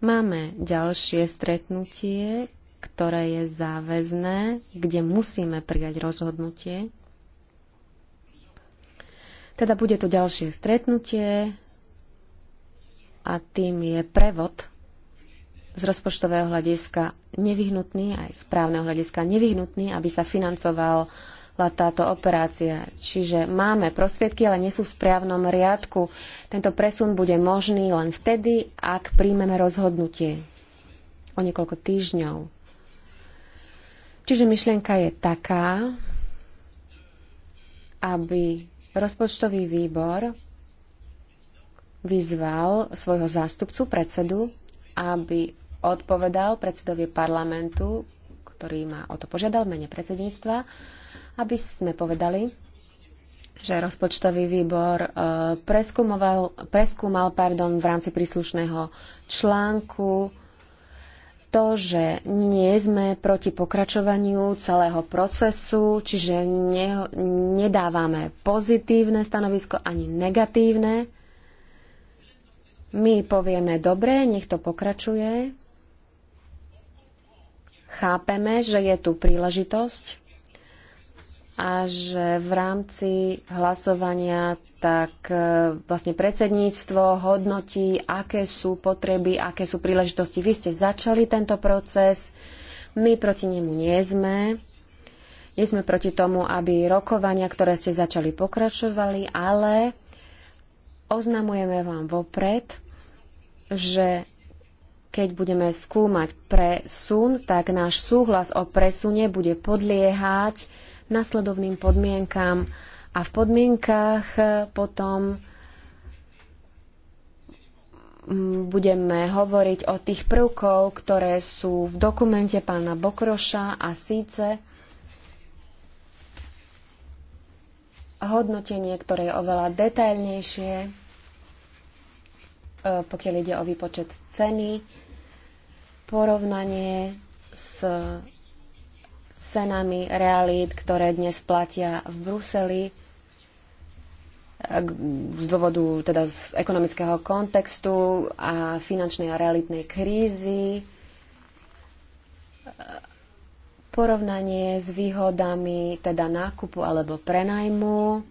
Máme ďalšie stretnutie, ktoré je záväzné, kde musíme prijať rozhodnutie. Teda bude to ďalšie stretnutie a tým je prevod z rozpočtového hľadiska nevyhnutný, aj z právneho hľadiska nevyhnutný, aby sa financoval táto operácia. Čiže máme prostriedky, ale nie sú v správnom riadku. Tento presun bude možný len vtedy, ak príjmeme rozhodnutie o niekoľko týždňov. Čiže myšlienka je taká, aby rozpočtový výbor vyzval svojho zástupcu, predsedu, aby odpovedal predsedovi parlamentu, ktorý ma o to požiadal mene predsedníctva, aby sme povedali, že rozpočtový výbor e, preskúmal pardon, v rámci príslušného článku to, že nie sme proti pokračovaniu celého procesu, čiže ne, nedávame pozitívne stanovisko ani negatívne. My povieme dobre, nech to pokračuje. Chápeme, že je tu príležitosť a že v rámci hlasovania tak e, vlastne predsedníctvo hodnotí, aké sú potreby, aké sú príležitosti. Vy ste začali tento proces, my proti nemu nie sme. Nie sme proti tomu, aby rokovania, ktoré ste začali, pokračovali, ale oznamujeme vám vopred, že keď budeme skúmať presun, tak náš súhlas o presune bude podliehať nasledovným podmienkam a v podmienkach eh, potom mm, budeme hovoriť o tých prvkov, ktoré sú v dokumente pána Bokroša a síce hodnotenie, ktoré je oveľa detailnejšie, eh, pokiaľ ide o výpočet ceny, porovnanie s cenami realít, ktoré dnes platia v Bruseli e, z dôvodu teda z ekonomického kontextu a finančnej a realitnej krízy, e, porovnanie s výhodami teda nákupu alebo prenajmu,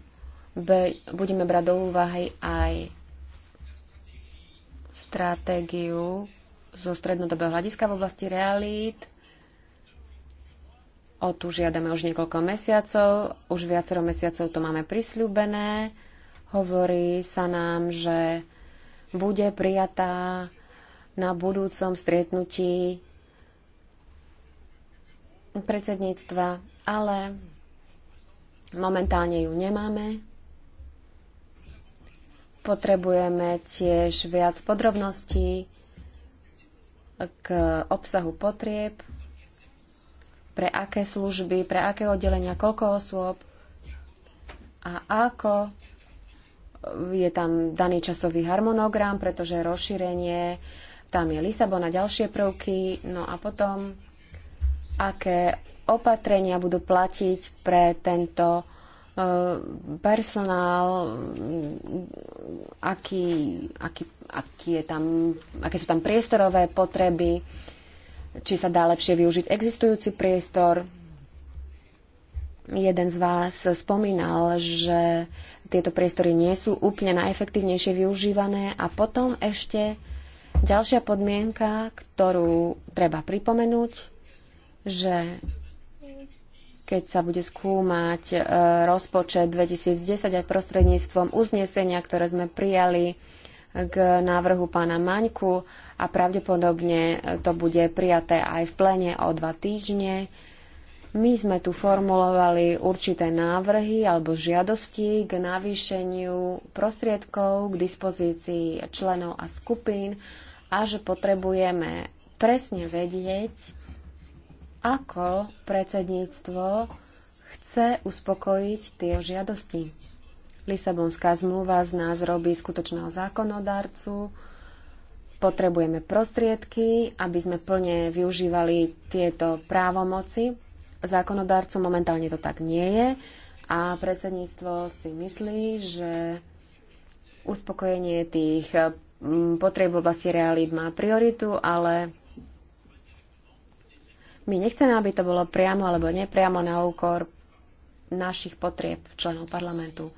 budeme brať do úvahy aj stratégiu zo strednodobého hľadiska v oblasti realít, O tu žiadame už niekoľko mesiacov, už viacero mesiacov to máme prisľúbené. Hovorí sa nám, že bude prijatá na budúcom stretnutí predsedníctva, ale momentálne ju nemáme. Potrebujeme tiež viac podrobností k obsahu potrieb pre aké služby, pre aké oddelenia, koľko osôb a ako je tam daný časový harmonogram, pretože rozšírenie, tam je Lisabona, ďalšie prvky, no a potom aké opatrenia budú platiť pre tento e, personál, aký, aký, aký je tam, aké sú tam priestorové potreby, či sa dá lepšie využiť existujúci priestor. Jeden z vás spomínal, že tieto priestory nie sú úplne najefektívnejšie využívané. A potom ešte ďalšia podmienka, ktorú treba pripomenúť, že keď sa bude skúmať e, rozpočet 2010 aj prostredníctvom uznesenia, ktoré sme prijali k návrhu pána Maňku, a pravdepodobne e, to bude prijaté aj v plene o dva týždne. My sme tu formulovali určité návrhy alebo žiadosti k navýšeniu prostriedkov k dispozícii členov a skupín a že potrebujeme presne vedieť, ako predsedníctvo chce uspokojiť tie žiadosti. Lisabonská zmluva z nás robí skutočného zákonodarcu, Potrebujeme prostriedky, aby sme plne využívali tieto právomoci. Zákonodárcu momentálne to tak nie je a predsedníctvo si myslí, že uspokojenie tých mm, potrieb v oblasti realít má prioritu, ale my nechceme, aby to bolo priamo alebo nepriamo na úkor našich potrieb členov parlamentu.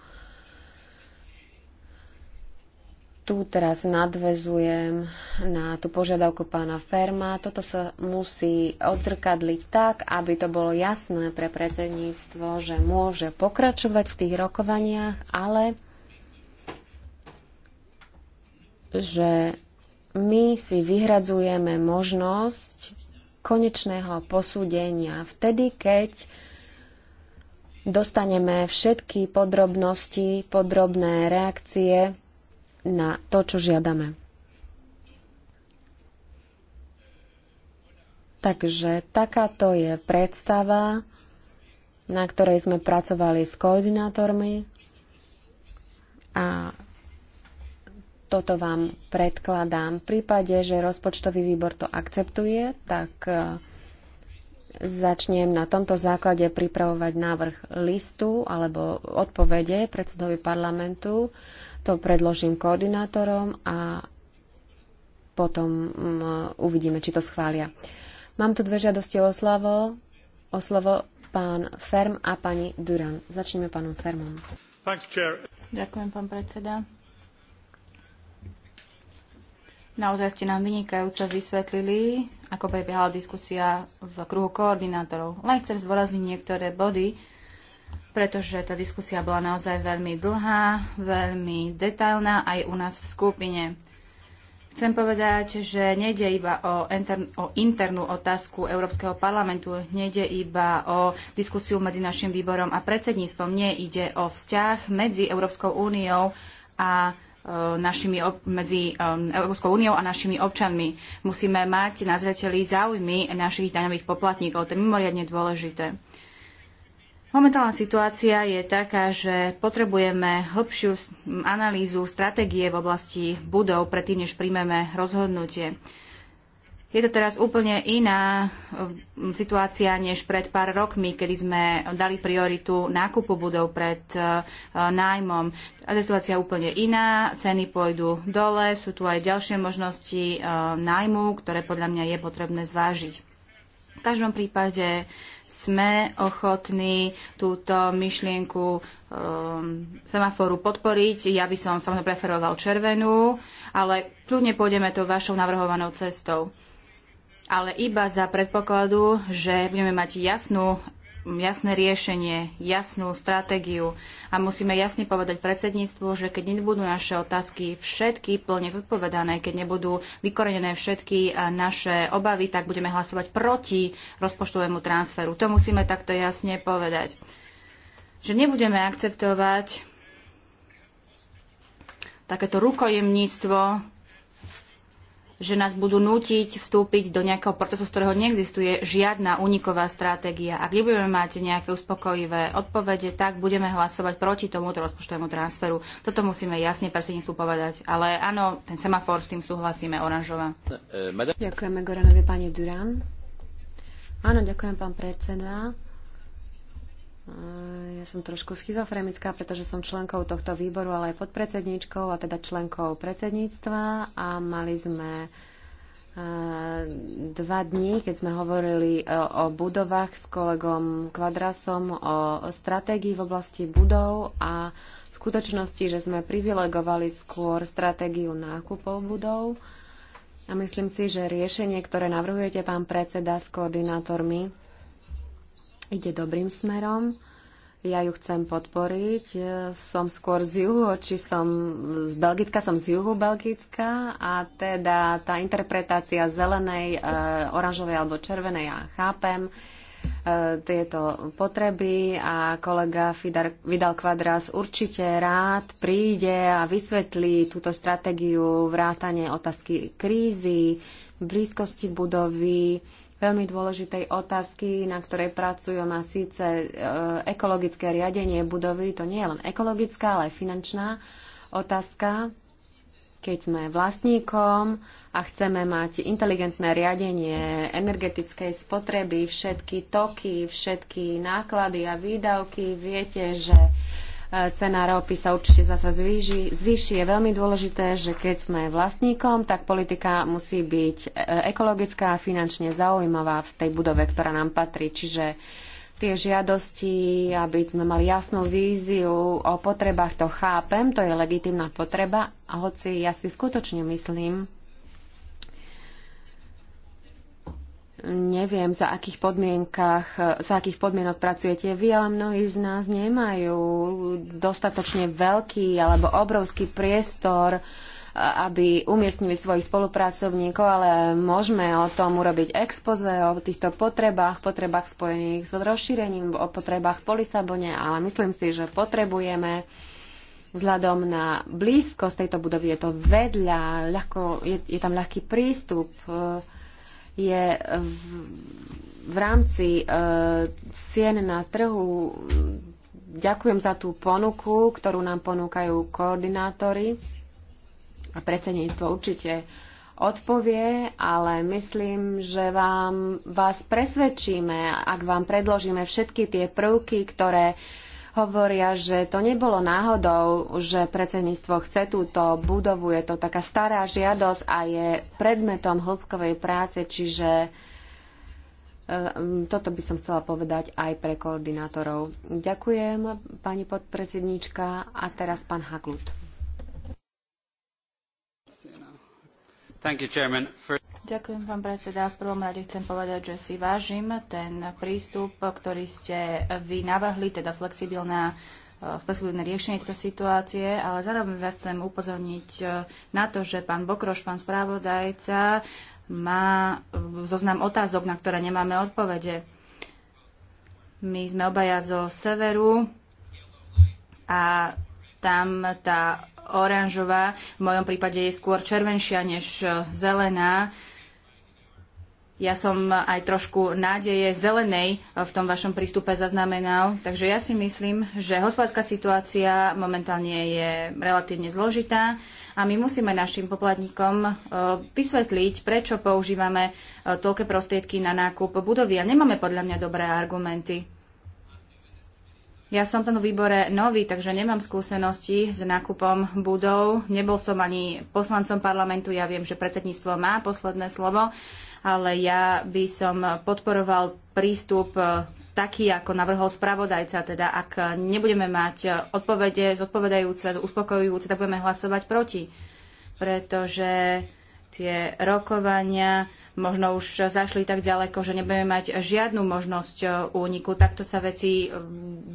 tu teraz nadvezujem na tú požiadavku pána Ferma. Toto sa musí odzrkadliť tak, aby to bolo jasné pre predsedníctvo, že môže pokračovať v tých rokovaniach, ale že my si vyhradzujeme možnosť konečného posúdenia vtedy, keď dostaneme všetky podrobnosti, podrobné reakcie na to, čo žiadame. Takže takáto je predstava, na ktorej sme pracovali s koordinátormi a toto vám predkladám. V prípade, že rozpočtový výbor to akceptuje, tak e, začnem na tomto základe pripravovať návrh listu alebo odpovede predsedovi parlamentu to predložím koordinátorom a potom mm, uvidíme, či to schvália. Mám tu dve žiadosti o slovo. O slovo pán Ferm a pani Duran. Začneme pánom Fermom. Thanks, Ďakujem, pán predseda. Naozaj ste nám vynikajúco vysvetlili, ako prebiehala diskusia v kruhu koordinátorov. Len chcem zvorazniť niektoré body, pretože tá diskusia bola naozaj veľmi dlhá, veľmi detailná aj u nás v skupine. Chcem povedať, že nejde iba o, intern, o internú otázku Európskeho parlamentu, nejde iba o diskusiu medzi našim výborom a predsedníctvom, nie ide o vzťah medzi Európskou úniou a e, našimi, medzi e, Európskou úniou a našimi občanmi. Musíme mať na zreteli záujmy našich daňových poplatníkov. To je mimoriadne dôležité. Momentálna situácia je taká, že potrebujeme hĺbšiu analýzu stratégie v oblasti budov predtým, než príjmeme rozhodnutie. Je to teraz úplne iná mm, situácia než pred pár rokmi, kedy sme dali prioritu nákupu budov pred e, nájmom. A situácia je úplne iná, ceny pôjdu dole, sú tu aj ďalšie možnosti e, nájmu, ktoré podľa mňa je potrebné zvážiť. V každom prípade sme ochotní túto myšlienku um, semaforu podporiť. Ja by som samozrejme preferoval červenú, ale kľudne pôjdeme to vašou navrhovanou cestou. Ale iba za predpokladu, že budeme mať jasnú, jasné riešenie, jasnú stratégiu. Uh, a musíme jasne povedať predsedníctvu, že keď nebudú naše otázky všetky plne zodpovedané, keď nebudú vykorenené všetky eh, naše obavy, tak budeme hlasovať proti rozpočtovému transferu. To musíme takto jasne povedať. Že nebudeme akceptovať takéto rukojemníctvo že nás budú nútiť vstúpiť do nejakého procesu, z ktorého neexistuje žiadna úniková stratégia. Ak nebudeme mať nejaké uspokojivé odpovede, tak budeme hlasovať proti tomuto rozpočtovému transferu. Toto musíme jasne predsedníctvu povedať. Ale áno, ten semafor, s tým súhlasíme, oranžová. Eh, Ďakujeme Goranovi, pani Durán. Áno, ďakujem, pán predseda. Eh, ja som trošku schizofrenická, pretože som členkou tohto výboru, ale aj podpredsedníčkou a teda členkou predsedníctva a mali sme eh, dva dní, keď sme hovorili o, eh, o budovách s kolegom Kvadrasom, o stratégii v oblasti budov a v skutočnosti, že sme privilegovali skôr stratégiu nákupov budov. A myslím si, že riešenie, ktoré navrhujete, pán predseda, s koordinátormi, ide dobrým smerom. Ja ju chcem podporiť. E, som skôr z juhu, či som z Belgicka, som z juhu Belgicka a teda tá interpretácia zelenej, e, oranžovej alebo červenej, ja chápem e, tieto potreby a kolega Fidar, Vidal Quadras určite rád príde a vysvetlí túto stratégiu vrátanie otázky krízy, blízkosti budovy, veľmi dôležitej otázky, na ktorej pracujem a síce e, ekologické riadenie budovy. To nie je len ekologická, ale aj finančná otázka. Keď sme vlastníkom a chceme mať inteligentné riadenie energetickej spotreby, všetky toky, všetky náklady a výdavky, viete, že cena ropy sa určite zasa zvýši, zvýši. Je veľmi dôležité, že keď sme vlastníkom, tak politika musí byť e, ekologická a finančne zaujímavá v tej budove, ktorá nám patrí. Čiže tie žiadosti, aby sme mali jasnú víziu o potrebách, to chápem, to je legitimná potreba, a hoci ja si skutočne myslím, Neviem, za akých, podmienkach, za akých podmienok pracujete vy, ale mnohí z nás nemajú dostatočne veľký alebo obrovský priestor, aby umiestnili svojich spolupracovníkov, ale môžeme o tom urobiť expoze, o týchto potrebách, potrebách spojených s rozšírením, o potrebách po Lisabone, ale myslím si, že potrebujeme vzhľadom na blízkosť tejto budovy, je to vedľa, ľahko, je, je tam ľahký prístup, je v, v rámci e, cien na trhu. Ďakujem za tú ponuku, ktorú nám ponúkajú koordinátori a predsedníctvo určite odpovie, ale myslím, že vám, vás presvedčíme, ak vám predložíme všetky tie prvky, ktoré hovoria, že to nebolo náhodou, že predsedníctvo chce túto budovu. Je to taká stará žiadosť a je predmetom hĺbkovej práce, čiže ehm, toto by som chcela povedať aj pre koordinátorov. Ďakujem, pani podpredsedníčka. A teraz pán Haglund. You, First... Ďakujem, pán predseda. V prvom rade chcem povedať, že si vážim ten prístup, ktorý ste vy navrhli, teda flexibilná e, flexibilné riešenie tejto situácie, ale zároveň vás chcem upozorniť e, na to, že pán Bokroš, pán správodajca, má e, zoznam otázok, na ktoré nemáme odpovede. My sme obaja zo severu a tam tá oranžová, v mojom prípade je skôr červenšia než zelená ja som aj trošku nádeje zelenej v tom vašom prístupe zaznamenal. Takže ja si myslím, že hospodárska situácia momentálne je relatívne zložitá a my musíme našim poplatníkom e, vysvetliť, prečo používame e, toľké prostriedky na nákup budovy. A nemáme podľa mňa dobré argumenty. Ja som v tom výbore nový, takže nemám skúsenosti s nákupom budov. Nebol som ani poslancom parlamentu, ja viem, že predsedníctvo má posledné slovo, ale ja by som podporoval prístup e, taký, ako navrhol spravodajca, teda ak nebudeme mať e, odpovede zodpovedajúce, uspokojujúce, tak budeme hlasovať proti, pretože tie rokovania možno už zašli tak ďaleko, že nebudeme mať žiadnu možnosť e, úniku. Takto sa veci e,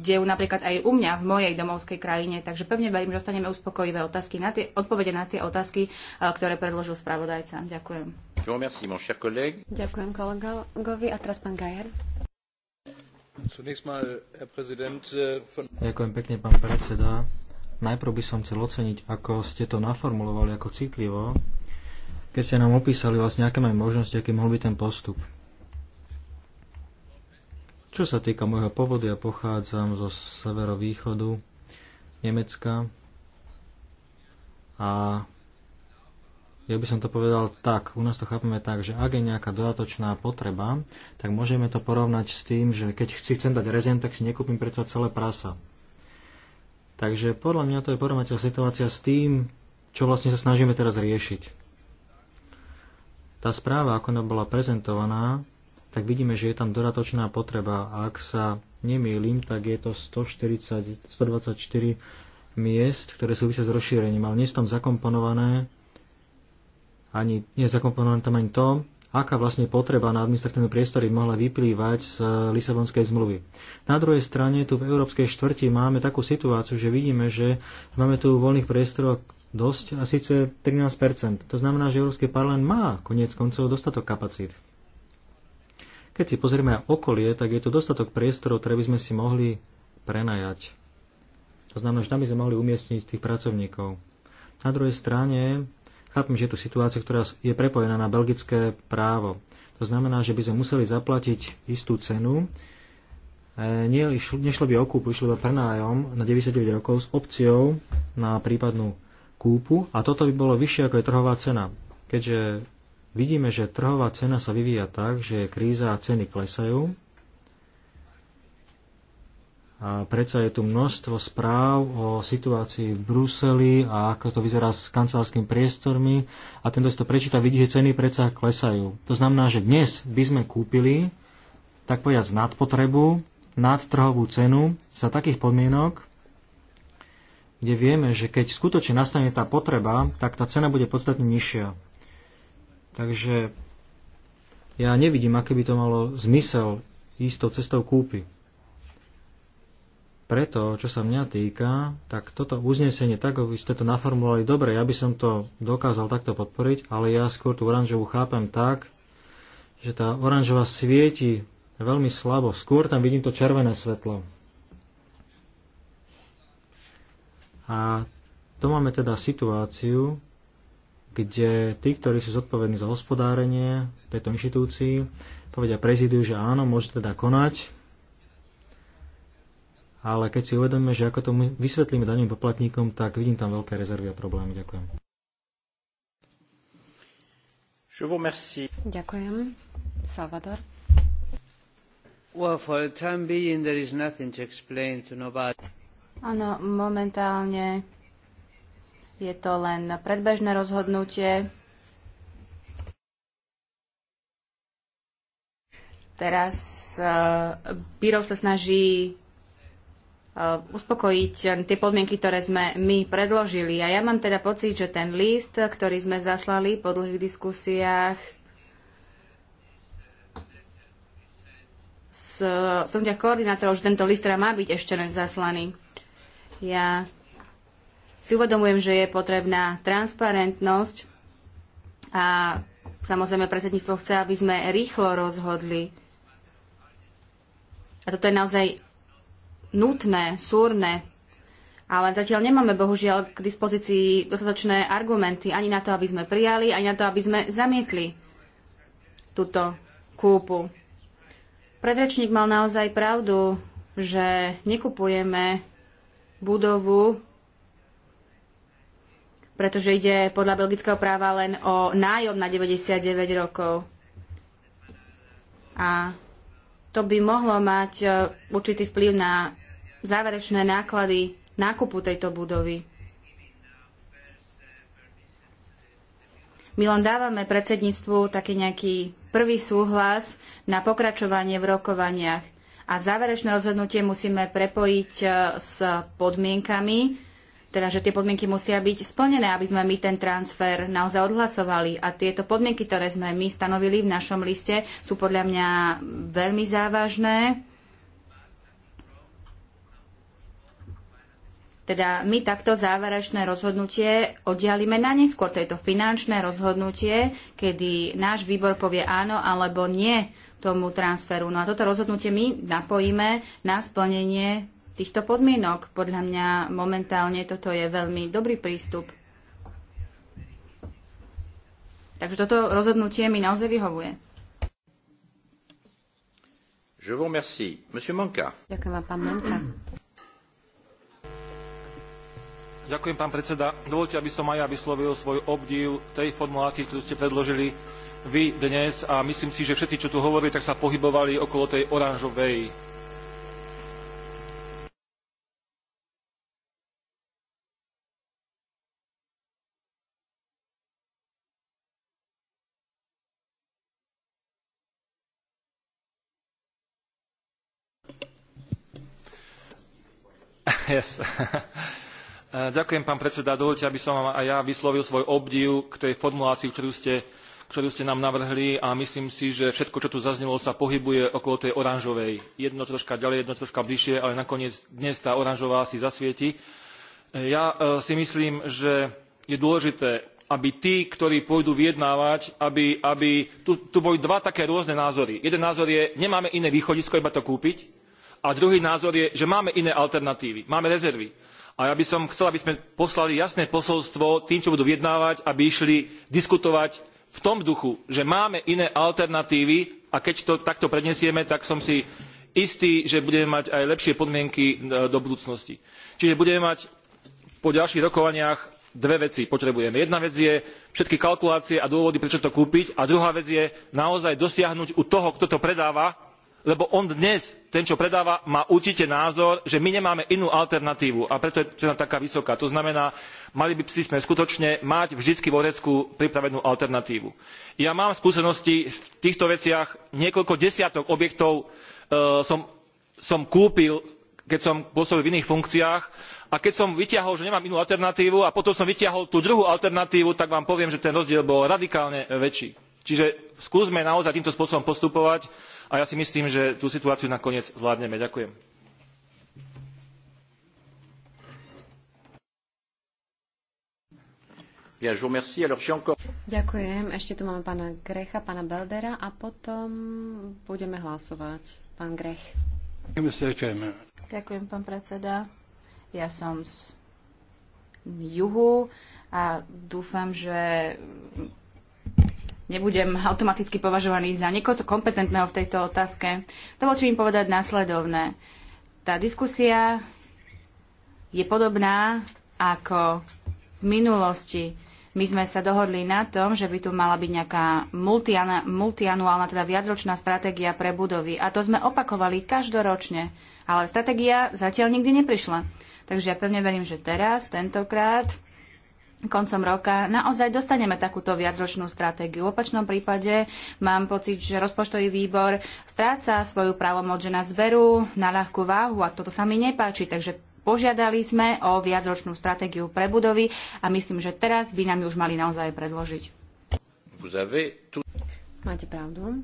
dejú napríklad aj u mňa, v mojej domovskej krajine. Takže pevne verím, že dostaneme uspokojivé otázky na tie, odpovede na tie otázky, e, ktoré predložil spravodajca. Ďakujem. Ďakujem kolegovi. A teraz pán Gajer. Äh, Ďakujem pekne, pán predseda. Najprv by som chcel oceniť, ako ste to naformulovali, ako citlivo keď ste nám opísali vlastne, aké majú možnosti, aký mohol byť ten postup. Čo sa týka môjho povodu, ja pochádzam zo severovýchodu Nemecka a ja by som to povedal tak, u nás to chápeme tak, že ak je nejaká dodatočná potreba, tak môžeme to porovnať s tým, že keď si chcem dať rezien, tak si nekúpim predsa celé prasa. Takže podľa mňa to je porovnateľ situácia s tým, čo vlastne sa snažíme teraz riešiť. Tá správa, ako ona bola prezentovaná, tak vidíme, že je tam dodatočná potreba. A ak sa nemýlim, tak je to 140, 124 miest, ktoré súvisia s rozšírením, ale nie je tam zakomponované ani, nie je zakomponované tam ani to, aká vlastne potreba na administratívne priestory mohla vyplývať z eh, Lisabonskej zmluvy. Na druhej strane tu v Európskej štvrti máme takú situáciu, že vidíme, že máme tu voľných priestorov dosť, a síce 13 To znamená, že Európsky parlament má koniec koncov dostatok kapacít. Keď si pozrieme okolie, tak je tu dostatok priestorov, ktoré by sme si mohli prenajať. To znamená, že tam by sme mohli umiestniť tých pracovníkov. Na druhej strane, chápem, že je tu situácia, ktorá je prepojená na belgické právo. To znamená, že by sme museli zaplatiť istú cenu, e, nešlo by o kúpu, išlo by prenájom na 99 rokov s opciou na prípadnú kúpu a toto by bolo vyššie ako je trhová cena. Keďže vidíme, že trhová cena sa vyvíja tak, že kríza a ceny klesajú a predsa je tu množstvo správ o situácii v Bruseli a ako to vyzerá s kancelárskym priestormi a tento si to prečíta, vidí, že ceny predsa klesajú. To znamená, že dnes by sme kúpili, tak povedať, z potrebu, nad trhovú cenu za takých podmienok, kde vieme, že keď skutočne nastane tá potreba, tak tá cena bude podstatne nižšia. Takže ja nevidím, aké by to malo zmysel ísť tou cestou kúpy. Preto, čo sa mňa týka, tak toto uznesenie, tak ako ste to naformulovali dobre, ja by som to dokázal takto podporiť, ale ja skôr tú oranžovú chápem tak, že tá oranžová svieti veľmi slabo. Skôr tam vidím to červené svetlo. A to máme teda situáciu, kde tí, ktorí sú zodpovední za hospodárenie tejto inštitúcii, povedia prezidiu, že áno, môže teda konať, ale keď si uvedomíme, že ako to vysvetlíme daným poplatníkom, tak vidím tam veľké rezervy a problémy. Ďakujem. Ďakujem. Salvador. Well, for the time being, there is nothing to explain to nobody. Áno, momentálne je to len predbežné rozhodnutie. Teraz uh, eh, Biro sa snaží eh, uspokojiť tie podmienky, ktoré sme my predložili. A ja mám teda pocit, že ten list, ktorý sme zaslali po dlhých diskusiách, s, som ťa koordinátorov, že tento list teda má byť ešte len zaslaný. Ja si uvedomujem, že je potrebná transparentnosť a samozrejme predsedníctvo chce, aby sme rýchlo rozhodli. A toto je naozaj nutné, súrne, ale zatiaľ nemáme bohužiaľ k dispozícii dostatočné argumenty ani na to, aby sme prijali, ani na to, aby sme zamietli túto kúpu. Predrečník mal naozaj pravdu, že nekupujeme budovu, pretože ide podľa belgického práva len o nájom na 99 rokov. A to by mohlo mať e, určitý vplyv na záverečné náklady nákupu tejto budovy. My len dávame predsedníctvu taký nejaký prvý súhlas na pokračovanie v rokovaniach a záverečné rozhodnutie musíme prepojiť e, s podmienkami, teda že tie podmienky musia byť splnené, aby sme my ten transfer naozaj odhlasovali. A tieto podmienky, ktoré sme my stanovili v našom liste, sú podľa mňa veľmi závažné. Teda my takto záverečné rozhodnutie oddialíme na neskôr. To je to finančné rozhodnutie, kedy náš výbor povie áno alebo nie tomu transferu. No a toto rozhodnutie my napojíme na splnenie týchto podmienok. Podľa mňa momentálne toto je veľmi dobrý prístup. Takže toto rozhodnutie mi naozaj vyhovuje. Je vous remercie. Monsieur Manka. Ďakujem vám, pán Manka. Ďakujem, pán predseda. Dovolte, aby som aj ja vyslovil svoj obdiv tej formulácii, ktorú ste predložili vy dnes a myslím si, že všetci, čo tu hovorili, tak sa pohybovali okolo tej oranžovej [laughs] Yes. [laughs] Eh, ďakujem, pán predseda. Dovolte, aby som vám aj ja vyslovil svoj obdiv k tej formulácii, ktorú ste ktorú ste nám navrhli a myslím si, že všetko, čo tu zaznelo, sa pohybuje okolo tej oranžovej. Jedno troška ďalej, jedno troška bližšie, ale nakoniec dnes tá oranžová si zasvieti. Ja e, si myslím, že je dôležité, aby tí, ktorí pôjdu vyjednávať, aby, aby tu, tu boli dva také rôzne názory. Jeden názor je, nemáme iné východisko, iba to kúpiť. A druhý názor je, že máme iné alternatívy, máme rezervy. A ja by som chcel, aby sme poslali jasné posolstvo tým, čo budú vyjednávať, aby išli diskutovať v tom duchu, že máme iné alternatívy a keď to takto prednesieme, tak som si istý, že budeme mať aj lepšie podmienky e, do budúcnosti. Čiže budeme mať po ďalších rokovaniach dve veci potrebujeme. Jedna vec je všetky kalkulácie a dôvody, prečo to kúpiť a druhá vec je naozaj dosiahnuť u toho, kto to predáva, lebo on dnes ten čo predáva má určite názor že my nemáme inú alternatívu a preto je cena taká vysoká. to znamená mali by sme skutočne mať vždycky vo vrecku pripravenú alternatívu. ja mám skúsenosti v týchto veciach niekoľko desiatok objektov e, som, som kúpil keď som pôsobil v iných funkciách a keď som vytiahol že nemám inú alternatívu a potom som vytiahol tú druhú alternatívu tak vám poviem že ten rozdiel bol radikálne väčší. čiže skúsme naozaj týmto spôsobom postupovať a ja si myslím, že tú situáciu nakoniec zvládneme. Ďakujem. Ďakujem. Ešte tu máme pána Grecha, pána Beldera a potom budeme hlasovať. Pán Grech. Ďakujem, pán predseda. Ja som z juhu a dúfam, že nebudem automaticky považovaný za niekoho kompetentného v tejto otázke. Dovolte mi povedať následovné. Tá diskusia je podobná ako v minulosti. My sme sa dohodli na tom, že by tu mala byť nejaká multianuálna, teda viacročná stratégia pre budovy. A to sme opakovali každoročne. Ale stratégia zatiaľ nikdy neprišla. Takže ja pevne verím, že teraz, tentokrát, koncom roka naozaj dostaneme takúto viacročnú stratégiu. V opačnom prípade mám pocit, že rozpočtový výbor stráca svoju právomoc, že nás berú na ľahkú váhu a toto sa mi nepáči. Takže požiadali sme o viacročnú stratégiu pre budovy a myslím, že teraz by nám ju už mali naozaj predložiť. Máte pravdu.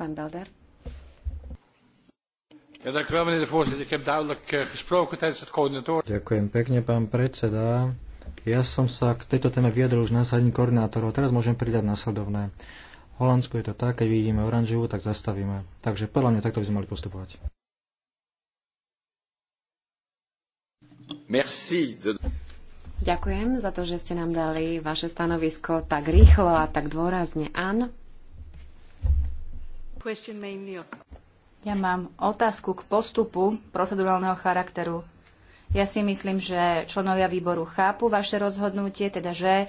Pán Beldert. Eh, Ďakujem pekne, pán predseda. Ja som sa k tejto téme vyjadril už na sadení koordinátorov. Teraz môžem pridať následovné. V Holandsku je to tak, keď vidíme oranžovú, tak zastavíme. Takže podľa mňa takto by sme mali postupovať. Merci de... Ďakujem za to, že ste nám dali vaše stanovisko tak rýchlo a tak dôrazne. Áno. Ja mám otázku k postupu procedurálneho charakteru. Ja si myslím, že členovia výboru chápu vaše rozhodnutie, teda že e,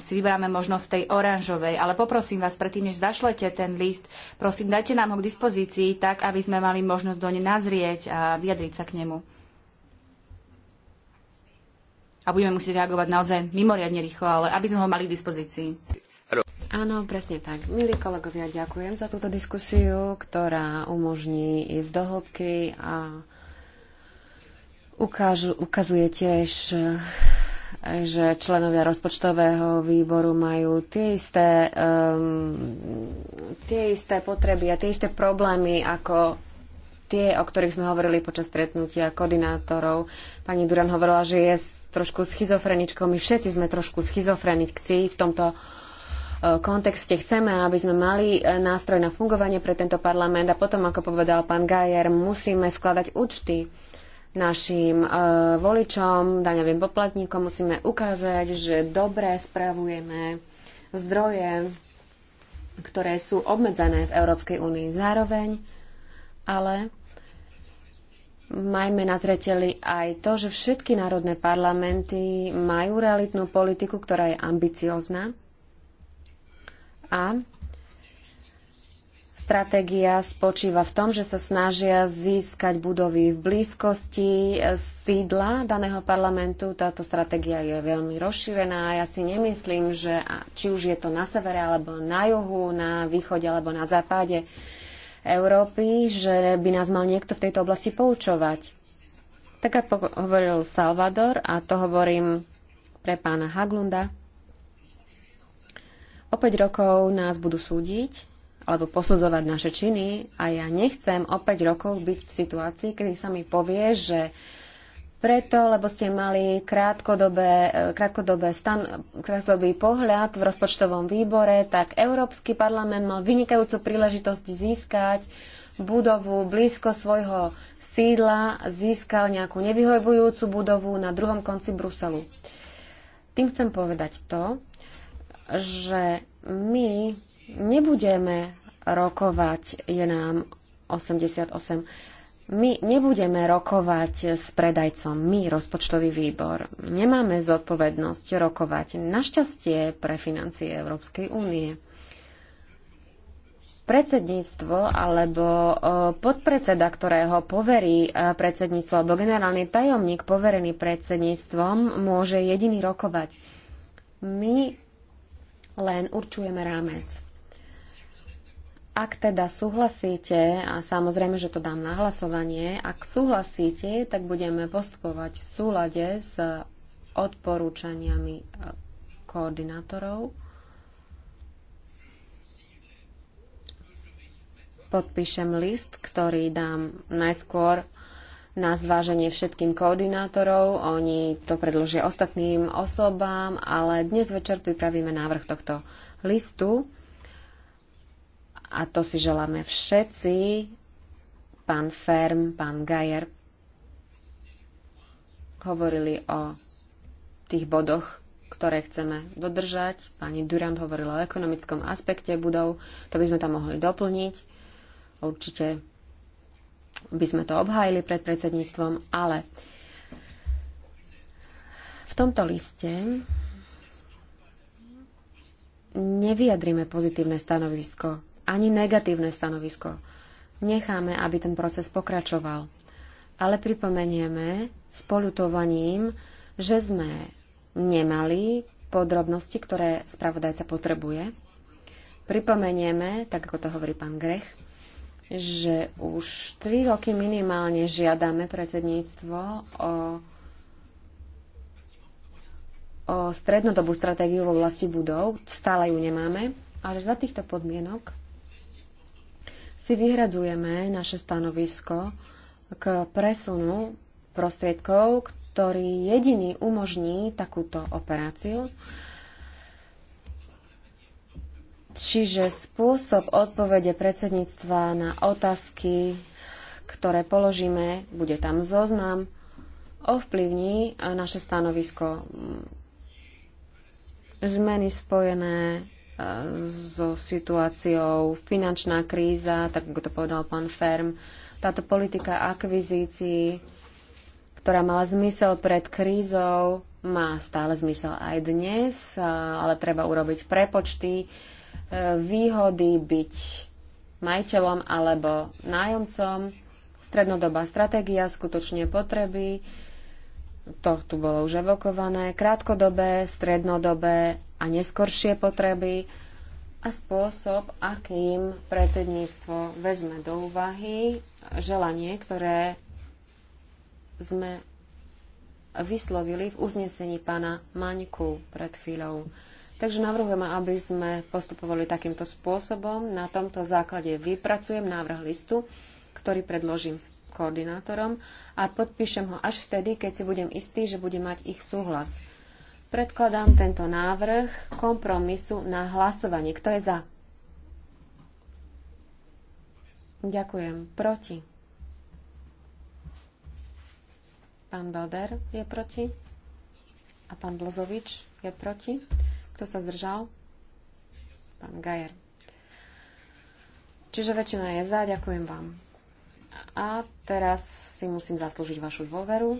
si vyberáme možnosť tej oranžovej. Ale poprosím vás, predtým, než zašlete ten list, prosím, dajte nám ho k dispozícii tak, aby sme mali možnosť do ne nazrieť a vyjadriť sa k nemu. A budeme musieť reagovať naozaj mimoriadne rýchlo, ale aby sme ho mali k dispozícii. Áno, presne tak. Milí kolegovia, ďakujem za túto diskusiu, ktorá umožní ísť do hĺbky a ukážu, ukazuje tiež, že členovia rozpočtového výboru majú tie isté, um, tie isté potreby a tie isté problémy ako tie, o ktorých sme hovorili počas stretnutia koordinátorov. Pani Duran hovorila, že je trošku schizofreničkou. My všetci sme trošku schizofrenici v tomto Eh, kontexte chceme, aby sme mali eh, nástroj na fungovanie pre tento parlament a potom, ako povedal pán Gajer, musíme skladať účty našim eh, voličom, daňovým poplatníkom, musíme ukázať, že dobre spravujeme zdroje, ktoré sú obmedzené v Európskej únii zároveň, ale Majme na zreteli aj to, že všetky národné parlamenty majú realitnú politiku, ktorá je ambiciozná, a stratégia spočíva v tom, že sa snažia získať budovy v blízkosti e, sídla daného parlamentu. Táto stratégia je veľmi rozšírená. Ja si nemyslím, že či už je to na severe alebo na juhu, na východe alebo na západe Európy, že by nás mal niekto v tejto oblasti poučovať. Tak ako hovoril Salvador, a to hovorím pre pána Haglunda, O 5 rokov nás budú súdiť alebo posudzovať naše činy a ja nechcem o 5 rokov byť v situácii, kedy sa mi povie, že preto, lebo ste mali krátkodobé, e, krátkodobé stan, krátkodobý pohľad v rozpočtovom výbore, tak Európsky parlament mal vynikajúcu príležitosť získať budovu blízko svojho sídla, získal nejakú nevyhovujúcu budovu na druhom konci Bruselu. Tým chcem povedať to, že my nebudeme rokovať, je nám 88, my nebudeme rokovať s predajcom, my, rozpočtový výbor. Nemáme zodpovednosť rokovať našťastie pre financie Európskej únie. Predsedníctvo alebo podpredseda, ktorého poverí e, predsedníctvo alebo generálny tajomník poverený predsedníctvom, môže jediný rokovať. My len určujeme rámec. Ak teda súhlasíte, a samozrejme, že to dám na hlasovanie, ak súhlasíte, tak budeme postupovať v súlade s odporúčaniami e, koordinátorov. Podpíšem list, ktorý dám najskôr na zváženie všetkým koordinátorov. Oni to predložia ostatným osobám, ale dnes večer pripravíme návrh tohto listu. A to si želáme všetci, pán Ferm, pán Gajer, hovorili o tých bodoch, ktoré chceme dodržať. Pani Durand hovorila o ekonomickom aspekte budov, to by sme tam mohli doplniť. Určite by sme to obhájili pred predsedníctvom, ale v tomto liste nevyjadrime pozitívne stanovisko, ani negatívne stanovisko. Necháme, aby ten proces pokračoval. Ale pripomenieme s polutovaním, že sme nemali podrobnosti, ktoré spravodajca potrebuje. Pripomenieme, tak ako to hovorí pán Grech, že už 3 roky minimálne žiadame predsedníctvo o, o strednodobú stratégiu v oblasti budov. Stále ju nemáme. Ale za týchto podmienok si vyhradzujeme naše stanovisko k presunu prostriedkov, ktorý jediný umožní takúto operáciu. Čiže spôsob odpovede predsedníctva na otázky, ktoré položíme, bude tam zoznam, ovplyvní naše stanovisko. Zmeny spojené eh, so situáciou finančná kríza, tak ako to povedal pán Ferm, táto politika akvizícií, ktorá mala zmysel pred krízou, má stále zmysel aj dnes, eh, ale treba urobiť prepočty E, výhody byť majiteľom alebo nájomcom, strednodobá stratégia, skutočne potreby, to tu bolo už evokované, krátkodobé, strednodobé a neskoršie potreby a spôsob, akým predsedníctvo vezme do úvahy želanie, ktoré sme vyslovili v uznesení pána Maňku pred chvíľou. Takže navrhujeme, aby sme postupovali takýmto spôsobom. Na tomto základe vypracujem návrh listu, ktorý predložím s koordinátorom a podpíšem ho až vtedy, keď si budem istý, že budem mať ich súhlas. Predkladám tento návrh kompromisu na hlasovanie. Kto je za? Ďakujem. Proti? Pán Belder je proti? A pán Blozovič je proti? Kto sa zdržal? Pán Gajer. Čiže väčšina je za, ďakujem vám. A teraz si musím zaslúžiť vašu dôveru.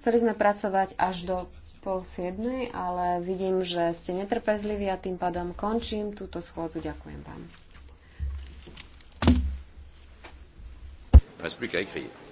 Chceli sme pracovať až do pol siedmej, ale vidím, že ste netrpezliví a tým pádom končím túto schôdzu. Ďakujem vám. Reste plus qu'à écrire.